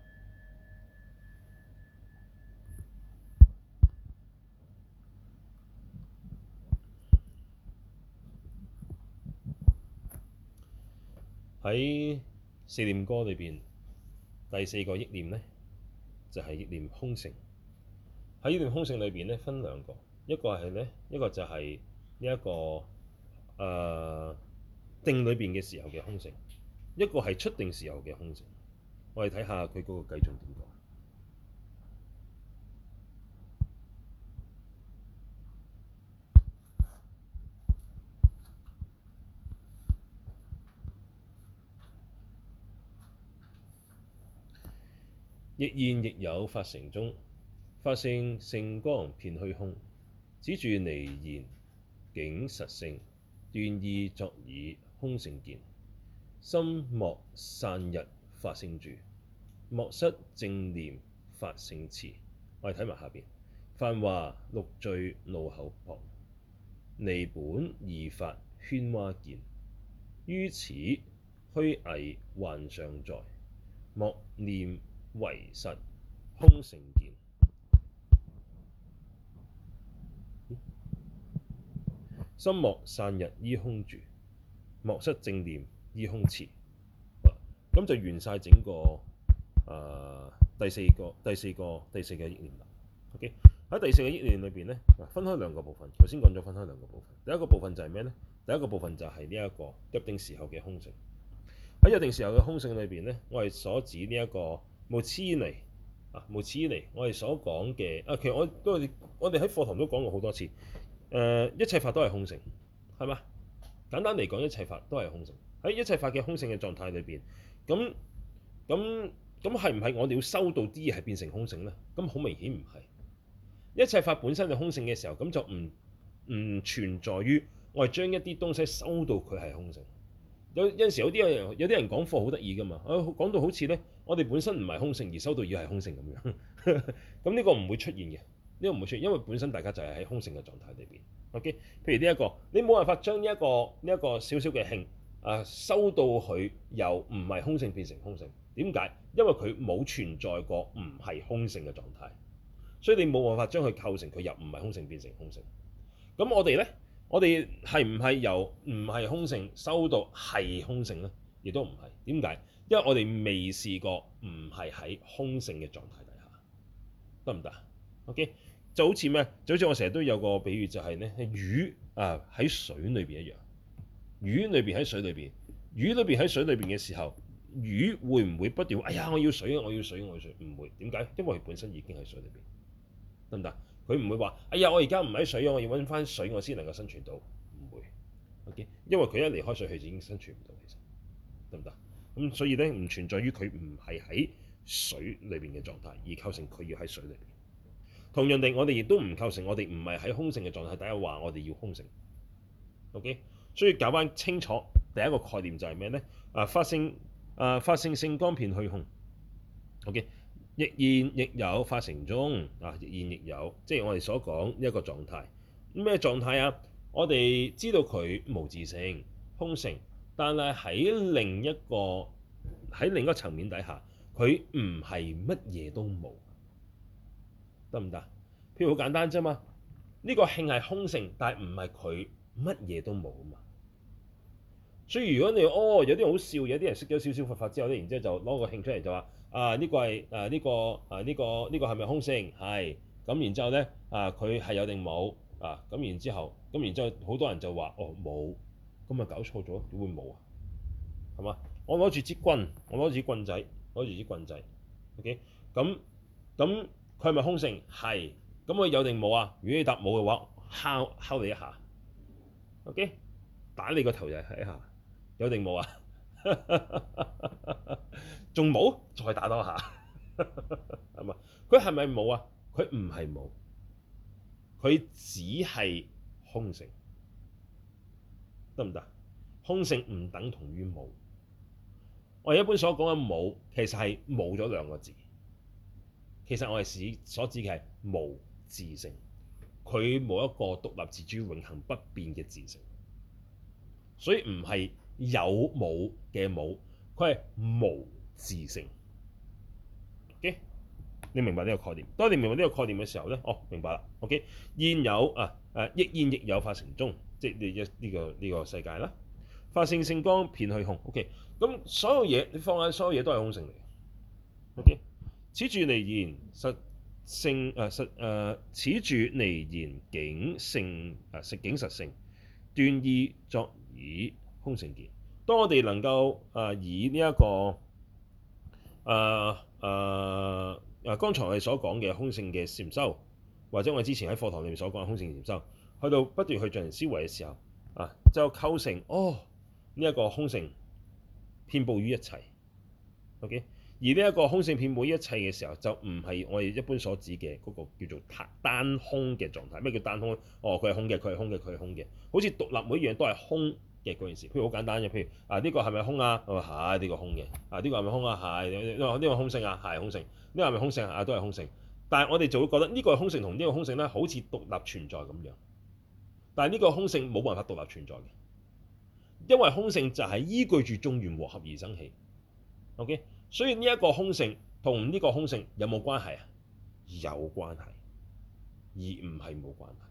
喺四念歌裏邊，第四個憶念呢，就係憶念空性。喺呢段空性裏邊呢，分兩個，一個係咧，一個就係呢一個誒、呃、定裏邊嘅時候嘅空性。一個係出定時候嘅空性，我哋睇下佢嗰個計算點講。亦現亦有法城中，法性勝光遍虛空，此住離言境實性，斷意、作已、空性見。心莫散逸法性住，莫失正念法性持。我哋睇埋下邊。繁華六聚路口旁，離本二法喧嘩見。於此虛偽幻相在，莫念為實空性見。心莫散逸依空住，莫失正念。以空性，咁就完晒整個誒、呃、第，第四個、第四個、第四個憶念啦。OK 喺第四個憶念裏邊咧，分開兩個部分。頭先講咗分開兩個部分，第一個部分就係咩咧？第一個部分就係呢一個入定時候嘅空性，喺入定時候嘅空性裏邊咧，我係所指呢、這、一個無始以來啊，無始以來。我哋所講嘅啊，其實我都我哋喺課堂都講過好多次誒、呃，一切法都係空性，係嘛？簡單嚟講，一切法都係空性。喺一切法嘅空性嘅狀態裏邊，咁咁咁係唔係我哋要收到啲嘢係變成空性呢？咁好明顯唔係。一切法本身係空性嘅時候，咁就唔唔存在於我係將一啲東西收到佢係空性。有有時有啲人有啲人講課好得意噶嘛，啊講到好似呢，我哋本身唔係空性而收到嘢係空性咁樣。咁 呢個唔會出現嘅，呢個唔會出現，因為本身大家就係喺空性嘅狀態裏邊。OK，譬如呢一個，你冇辦法將呢一個呢一個小小嘅興。啊！收到佢由唔係空性變成空性，點解？因為佢冇存在過唔係空性嘅狀態，所以你冇辦法將佢構成佢由唔係空性變成空性。咁我哋呢？我哋係唔係由唔係空性收到係空性呢？亦都唔係。點解？因為我哋未試過唔係喺空性嘅狀態底下，得唔得？OK，就好似咩？就好似我成日都有個比喻就係、是、呢魚啊喺水裏面一樣。魚裏邊喺水裏邊，魚裏邊喺水裏邊嘅時候，魚會唔會不斷？哎呀，我要水啊！我要水，我要水。唔會。點解？因為本身已經喺水裏邊，得唔得？佢唔會話：哎呀，我而家唔喺水啊！我要揾翻水，我先能夠生存到。唔會 OK，因為佢一離開水，佢已經生存唔到。其實得唔得？咁所以呢，唔存在於佢唔係喺水裏邊嘅狀態，而構成佢要喺水裏邊。同樣地，我哋亦都唔構成我哋唔係喺空性嘅狀態。底下話我哋要空性 OK。行。所以搞翻清楚，第一個概念就係咩呢？啊，法性啊，法性勝光遍虛空。O.K. 亦現亦有法城中啊，亦現亦有，即係我哋所講一個狀態。咩狀態啊？我哋知道佢無自性、空性，但係喺另一個喺另一個層面底下，佢唔係乜嘢都冇，得唔得？譬如好簡單啫嘛，呢個性係空性，但係唔係佢乜嘢都冇啊嘛。所以如果你哦有啲好笑，有啲人識咗少少佛法之後咧，然之後就攞個興趣嚟就話：啊呢個係啊呢個啊呢個呢個係咪空性？係咁，然之後咧啊佢係有定冇啊？咁然之後咁，然之後好多人就話：哦冇，咁咪搞錯咗，點會冇啊？係嘛？我攞住支棍，我攞住支棍仔，攞住支棍仔。OK，咁咁佢係咪空性？係，咁我有定冇啊？如果你答冇嘅話，敲敲你一下。OK，打你個頭就係一下。有定冇啊？仲 冇？再打多下 係。咁啊？佢係咪冇啊？佢唔係冇，佢只係空性，得唔得？空性唔等同於冇。我哋一般所講嘅冇，其實係冇咗兩個字。其實我哋指所指嘅係無自性，佢冇一個獨立自主、永恆不變嘅自性，所以唔係。有冇嘅冇，佢係無自性。O.K.，你明白呢個概念？當你明白呢個概念嘅時候咧，哦，明白啦。O.K.，現有啊誒，亦現亦有法城中，即係你一呢個呢、呢個世界啦。法性勝光遍虛空。O.K.，咁所有嘢你放下所有嘢都係空性嚟。O.K.，此住離言實性誒實誒，此住離言境性誒、啊、實境實性斷意作已。空性見，當我哋能夠啊、呃、以呢一個誒誒誒剛才我哋所講嘅空性嘅禪修，或者我哋之前喺課堂裏面所講嘅空性禪修，去到不斷去進行思維嘅時候啊，就構成哦呢一個空性遍布於一切。OK. 而呢一個空性遍布於一切嘅時候，就唔係我哋一般所指嘅嗰個叫做單空嘅狀態。咩叫單空？哦，佢係空嘅，佢係空嘅，佢係空嘅，好似獨立每樣都係空。嘅嗰件事，譬如好簡單嘅，譬如啊呢、這個係咪空啊？我話係呢個空嘅啊呢、這個係咪空啊？係你話呢個空性啊？係、啊、空性呢、這個係咪空性啊？啊都係空性，但係我哋就會覺得呢、這個空性同呢個空性咧好似獨立存在咁樣。但係呢個空性冇辦法獨立存在嘅，因為空性就係依據住眾緣和合而生起。Okay，所以呢一個空性同呢個空性有冇關係啊？有關係，而唔係冇關係。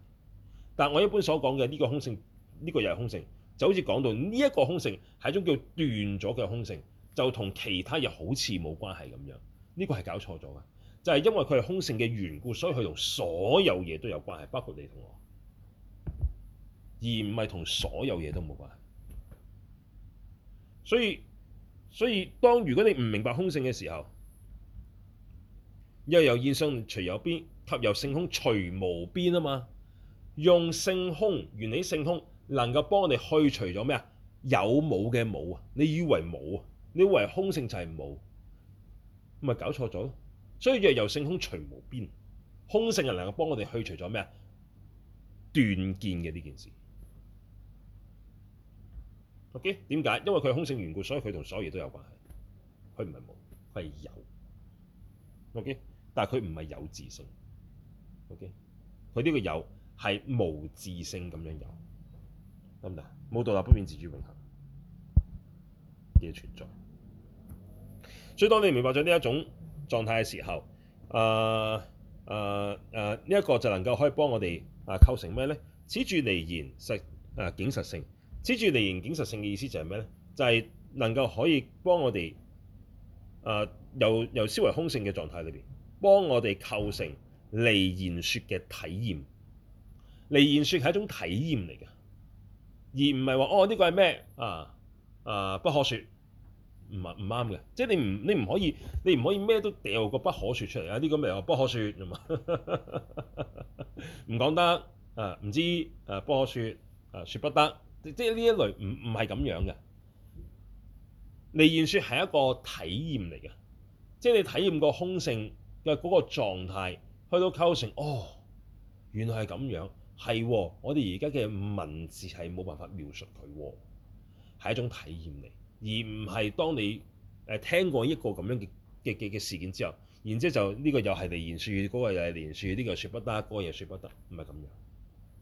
但係我一般所講嘅呢個空性，呢、這個又係空性。就好似講到呢一個空性係一種叫斷咗嘅空性，就同其他嘢好似冇關係咁樣。呢個係搞錯咗嘅，就係、是、因為佢係空性嘅緣故，所以佢同所有嘢都有關係，包括你同我，而唔係同所有嘢都冇關係。所以，所以當如果你唔明白空性嘅時候，又由現象除有邊，及由性空除無邊啊嘛，用性空原理性空。能夠幫我哋去除咗咩啊？有冇嘅冇啊？你以為冇啊？你以為空性就係冇？咪搞錯咗咯！所以就由性空除無邊，空性係能夠幫我哋去除咗咩啊？斷見嘅呢件事。OK，點解？因為佢係空性緣故，所以佢同所有嘢都有關係。佢唔係冇，佢係有。OK，但佢唔係有自性。OK，佢呢個有係無自性咁樣有。得冇獨立不變自主永，永恒嘅存在。所以當你明白咗呢一種狀態嘅時候，誒誒誒，呢、呃、一、呃這個就能夠可以幫我哋誒構成咩呢？此住離言實誒，境、呃、實性。此住離言境實性嘅意思就係咩呢？就係、是、能夠可以幫我哋誒、呃、由由思維空性嘅狀態裏邊，幫我哋構成離言説嘅體驗。離言説係一種體驗嚟嘅。而唔係話哦，呢個係咩啊？啊不可説，唔唔啱嘅，即係、就是、你唔你唔可以你唔可以咩都掉個不可説出嚟啊！呢、這個咪話不可説，唔講得啊！唔知啊不可説啊，説不得，即係呢一類，唔唔係咁樣嘅。離言説係一個體驗嚟嘅，即、就、係、是、你體驗個空性嘅嗰個狀態，去到溝成哦，原來係咁樣。係喎，我哋而家嘅文字係冇辦法描述佢喎，係一種體驗嚟，而唔係當你誒聽過一個咁樣嘅嘅嘅事件之後，然之後就呢、這個又係離言說語，嗰、那個又係離言說語，呢、這個説不得，嗰、那個又説不得，唔係咁樣。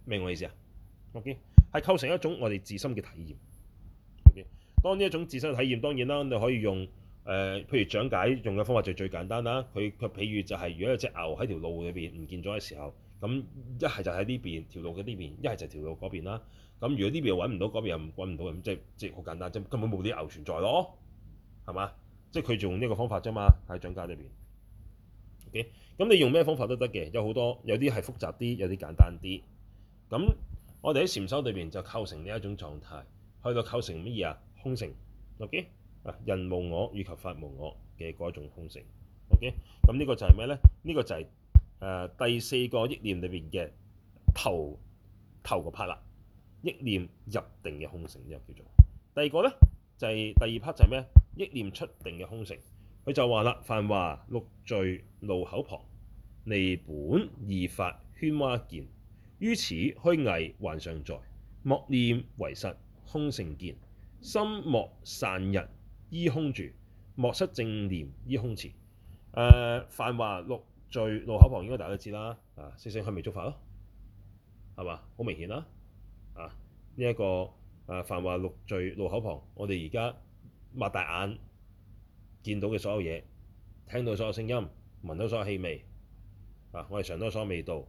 明我的意思啊？OK，係構成一種我哋自身嘅體驗。OK，當呢一種自身嘅體驗，當然啦，你可以用誒、呃，譬如講解用嘅方法就最簡單啦。佢佢譬如就係、是，如果有一隻牛喺條路裏邊唔見咗嘅時候。咁一係就喺呢邊調到嗰呢邊，一係就調到嗰邊啦。咁如果呢邊又揾唔到，嗰邊又揾唔到嘅，咁即係即係好簡單，即根本冇啲牛存在咯，係嘛？即係佢仲用呢個方法啫嘛，喺漲價裏邊。OK，咁你用咩方法都得嘅，有好多有啲係複雜啲，有啲簡單啲。咁我哋喺禪修裏邊就構成呢一種狀態，去到構成乜嘢啊？空性 OK，啊人無我，以及法無我嘅嗰一種空性 OK，咁呢個就係咩咧？呢個就係。誒、呃、第四個憶念裏邊嘅頭頭個 part 啦，憶念入定嘅空性，又叫做第二個呢，就係、是、第二 part 就係咩咧？憶念出定嘅空性，佢就話啦：繁華六聚路口旁，離本二法喧花嘩見，於此虛偽幻相在，莫念為實空性見，心莫散逸依空住，莫失正念依空持。誒、呃，繁華六聚路口旁，應該大家都知啦，啊，色聲香味觸法咯，係嘛？好明顯啦、啊，啊，呢、這、一個啊繁華六聚路口旁，我哋而家擘大眼見到嘅所有嘢，聽到所有聲音，聞到所有氣味，啊，我哋嘗到所有味道，誒、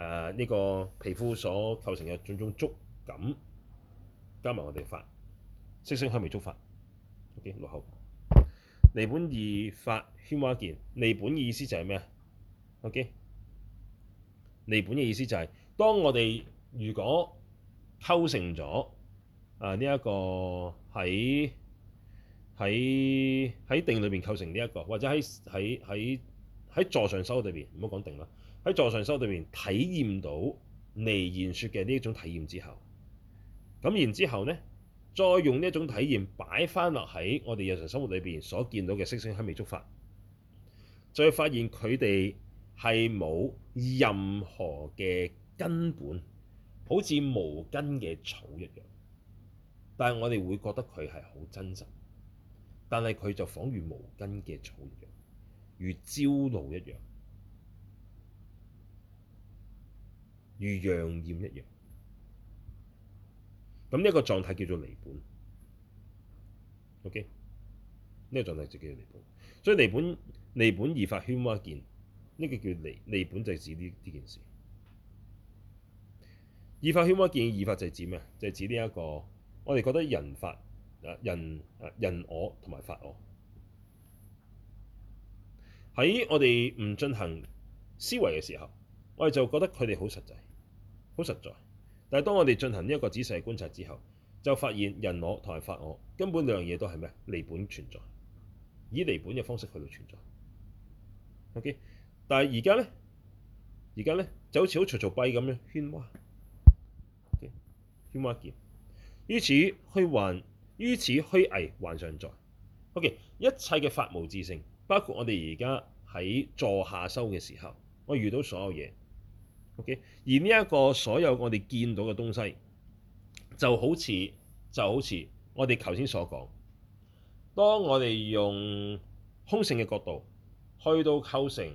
啊、呢、這個皮膚所構成嘅種種觸感，加埋我哋嘅法色聲香味觸法，OK，路口。離本二法喧嘩見，離本意思就係咩啊？OK，離本嘅意思就係、是、當我哋如果構成咗啊呢一、這個喺喺喺定裏邊構成呢、這、一個，或者喺喺喺喺座上修裏邊，唔好講定啦，喺座上修裏邊體驗到離言説嘅呢一種體驗之後，咁然之後呢，再用呢一種體驗擺翻落喺我哋日常生活裏邊所見到嘅色聲香味觸法，再發現佢哋。係冇任何嘅根本，好似無根嘅草一樣。但係我哋會覺得佢係好真實，但係佢就仿如無根嘅草一樣，如朝露一樣，如陽焰一樣。咁呢一個狀態叫做離本。O.K. 呢個狀態就叫做離本。所以離本，離本二法喧嘩見。呢、這個叫離本，就係指呢件事。二法喧嘩建議，二法就係指咩？就係指呢一個我哋覺得人法啊，人人我同埋法我，喺我哋唔進行思維嘅時候，我哋就覺得佢哋好實際、好實在。但係當我哋進行呢一個仔細觀察之後，就發現人我同埋法我根本兩樣嘢都係咩離本存在，以離本嘅方式去到存在。OK。但係而家呢，而家呢就好似好嘈嘈閉咁樣喧嘩，喧嘩見。於此虛幻，於此虛偽，幻相在。O.K. 一切嘅法無自性，包括我哋而家喺座下修嘅時候，我遇到所有嘢。O.K. 而呢一個所有我哋見到嘅東西，就好似就好似我哋頭先所講，當我哋用空性嘅角度去到構成。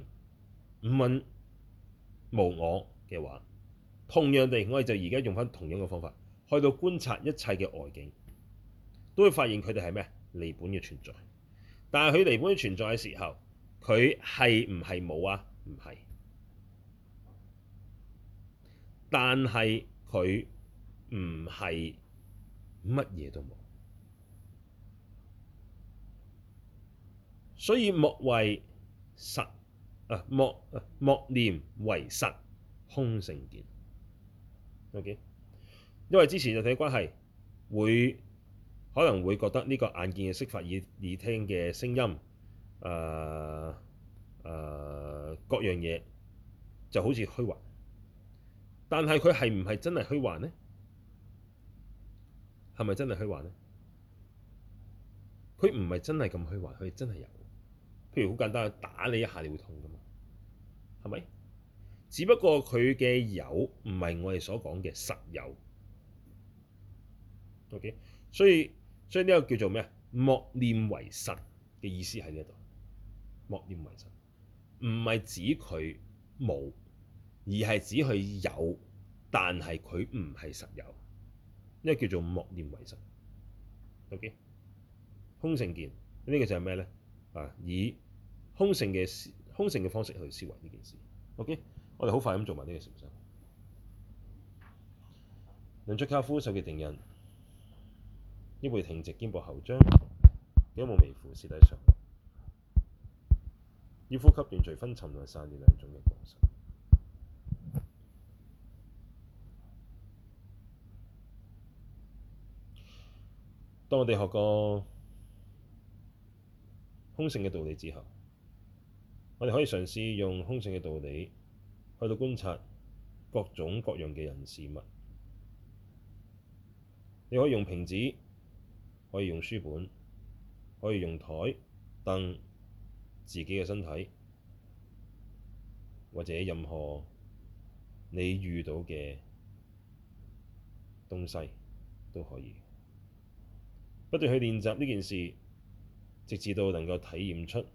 五蘊無我嘅話，同樣地，我哋就而家用返同樣嘅方法去到觀察一切嘅外境，都會發現佢哋係咩？離本嘅存在。但係佢離本嘅存在嘅時候，佢係唔係冇啊？唔係。但係佢唔係乜嘢都冇，所以莫為實。啊，莫，啊莫念為實空性見 o、okay? 因為之前有睇關係會可能會覺得呢個眼見嘅識法耳耳聽嘅聲音，呃呃、各樣嘢就好似虛幻，但係佢係唔係真係虛幻呢？係咪真係虛幻呢？佢唔係真係咁虛幻，佢真係有。譬如好簡單，打你一下你會痛噶嘛，係咪？只不過佢嘅有唔係我哋所講嘅實有 OK，所以所以呢個叫做咩啊？莫念為實嘅意思喺呢度，莫念為實，唔係指佢冇，而係指佢有，但係佢唔係實有，呢、這個叫做莫念為實，OK，空性見呢個就係咩咧？啊，以空性嘅空性嘅方式去思維呢件事。OK，我哋好快咁做埋呢個禪修。兩隻卡夫手嘅定印，腰部挺直，肩部後張，有冇微乎？舌際上，要呼吸完全分層內散與兩種嘅降神。當我哋學過空性嘅道理之後。我哋可以嘗試用空性嘅道理去到觀察各種各樣嘅人事物。你可以用瓶子，可以用書本，可以用枱凳，自己嘅身體，或者任何你遇到嘅東西都可以。不斷去練習呢件事，直至到能夠體驗出。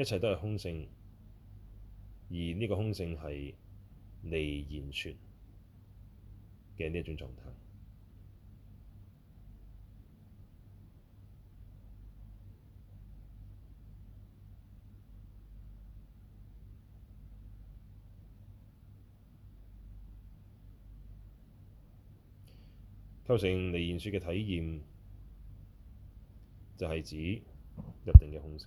一切都係空性，而呢個空性係離言說嘅呢一種狀態。構成離言說嘅體驗，就係、是、指一定嘅空性。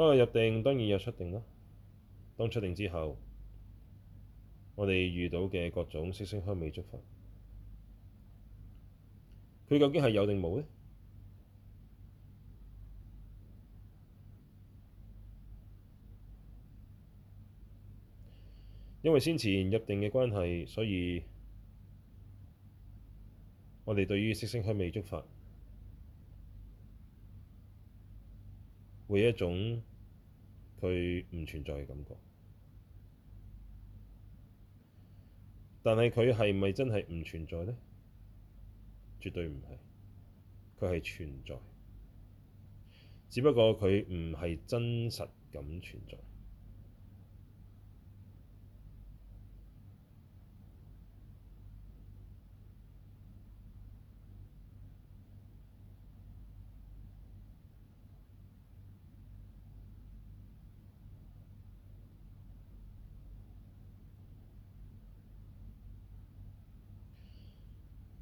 當入定當然有出定啦。當出定之後，我哋遇到嘅各種色聲香味觸法，佢究竟係有定冇呢？因為先前入定嘅關係，所以我哋對於色聲香味觸法會有一種佢唔存在嘅感覺，但係佢係咪真係唔存在呢？絕對唔係，佢係存在，只不過佢唔係真實咁存在。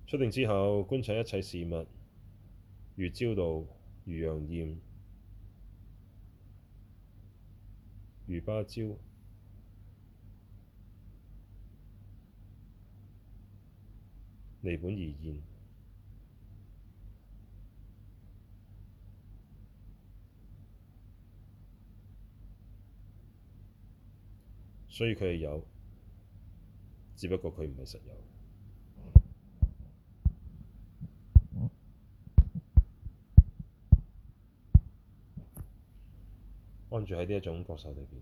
出定之後，觀察一切事物，如朝露、如陽焰、如芭蕉，離本而現，所以佢係有，只不過佢唔係實有。住喺呢一種角色裏邊。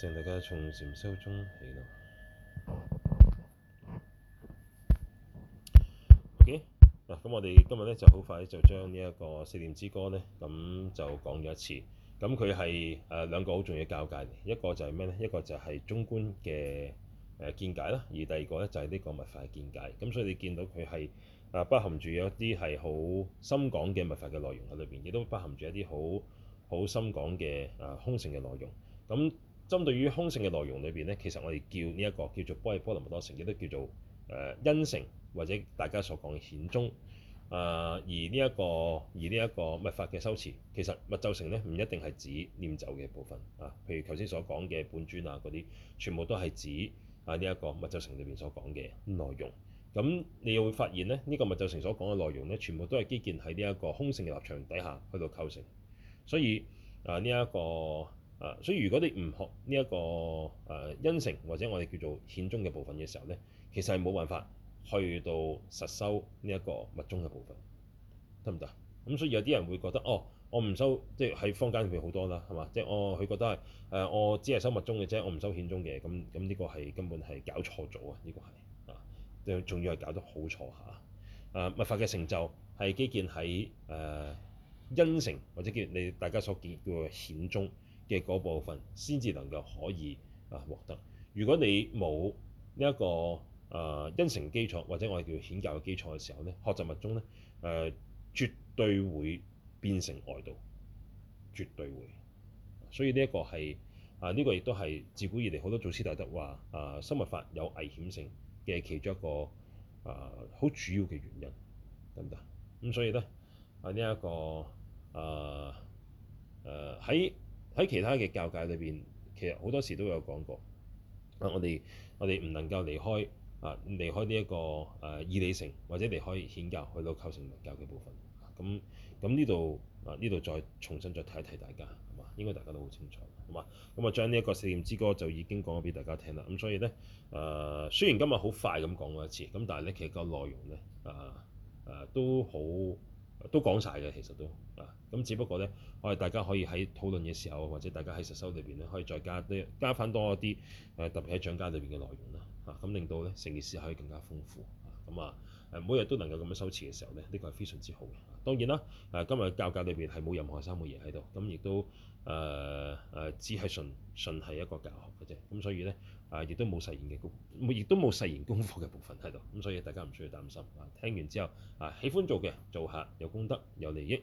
淨大家從禪修中起來。OK 嗱、啊，咁我哋今日咧就好快就將呢一個四念之歌咧，咁、嗯、就講咗一次。咁佢係誒兩個好重要嘅教界，一個就係咩咧？一個就係中觀嘅誒、呃、見解啦，而第二個咧就係、是、呢個密法嘅見解。咁、嗯、所以你見到佢係啊，包、呃、含住有一啲係好深講嘅密法嘅內容喺裏邊，亦都包含住一啲好好深講嘅啊空性嘅內容。咁、嗯針對於空性嘅內容裏邊咧，其實我哋叫呢、這、一個叫做般若波羅蜜多乘，亦都叫做誒、呃、因乘或者大家所講顯宗。啊、呃，而呢、這、一個而呢一個密法嘅修持，其實密咒乘咧唔一定係指念咒嘅部分啊。譬如頭先所講嘅本尊啊嗰啲，全部都係指啊呢一、這個密咒乘裏邊所講嘅內容。咁你又會發現咧，呢、這個密咒乘所講嘅內容咧，全部都係基建喺呢一個空性嘅立場底下去到構成。所以啊呢一、這個啊，所以如果你唔學呢、這、一個誒恩承或者我哋叫做顯宗嘅部分嘅時候咧，其實係冇辦法去到實修呢一個密宗嘅部分，得唔得？咁所以有啲人會覺得哦，我唔收，即係喺坊間入面好多啦，係嘛？即係我，佢、哦、覺得係誒、呃，我只係收密宗嘅啫，我唔收顯宗嘅。咁咁呢個係根本係搞錯咗、這個、啊！呢個係啊，仲仲要係搞得好錯下。啊！密法嘅成就係基建喺誒恩承或者叫你大家所見叫做顯宗。嘅嗰部分先至能夠可以啊獲得。如果你冇呢一個啊、呃、因乘基礎，或者我哋叫顯教嘅基礎嘅時候咧，學習密宗咧誒、呃，絕對會變成外道，絕對會。所以呢一個係啊呢個亦都係自古以嚟好多祖師大德話啊，心、呃、密法有危險性嘅其中一個啊好、呃、主要嘅原因，得唔得？咁所以咧喺呢一個啊喺，呃呃在喺其他嘅教界裏邊，其實好多時都有講過啊！我哋我哋唔能夠離開啊，離開呢、這、一個誒義、呃、理性，或者離開顯教去到構成文教嘅部分。咁咁呢度啊，呢度、啊、再重新再睇一睇大家，係嘛？應該大家都好清楚，好嘛？咁啊，將呢一個四念之歌就已經講咗俾大家聽啦。咁所以咧，誒、呃、雖然今日好快咁講過一次，咁但係咧，其實個內容咧，誒、啊、誒、啊、都好都講晒嘅，其實都。咁只不過呢，我哋大家可以喺討論嘅時候，或者大家喺實修裏邊呢，可以再加啲加翻多一啲誒、呃，特別喺掌家裏邊嘅內容啦嚇。咁令到呢成件事可以更加豐富。咁啊誒、啊啊，每日都能夠咁樣修持嘅時候呢，呢、這個係非常之好、啊。當然啦，誒、啊、今日教教裏邊係冇任何三個嘢喺度，咁、啊、亦都誒誒、呃啊，只係純純係一個教學嘅啫。咁所以呢，誒、啊，亦都冇實驗嘅功，亦都冇實驗功課嘅部分喺度。咁、啊、所以大家唔需要擔心啊。聽完之後啊，喜歡做嘅做客有功德有利益。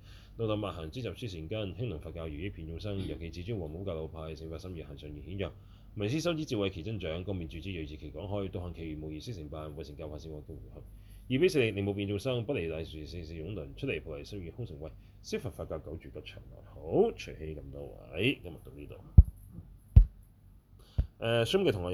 路頭默行知集書善根，興隆佛教如一片眾生。尤其至尊王母教老派，成佛心願行善而顯揚。聞思修之智慧其增長，公冕住之睿智其廣開。道行其圓無異思成辦，為成教法先往東合。二比四利令無變眾生，不離大樹四世永輪，出離菩提心願空成慧。釋佛佛教久住吉祥內，好，除氣咁多位，今日到呢度。誒，孫傑同學有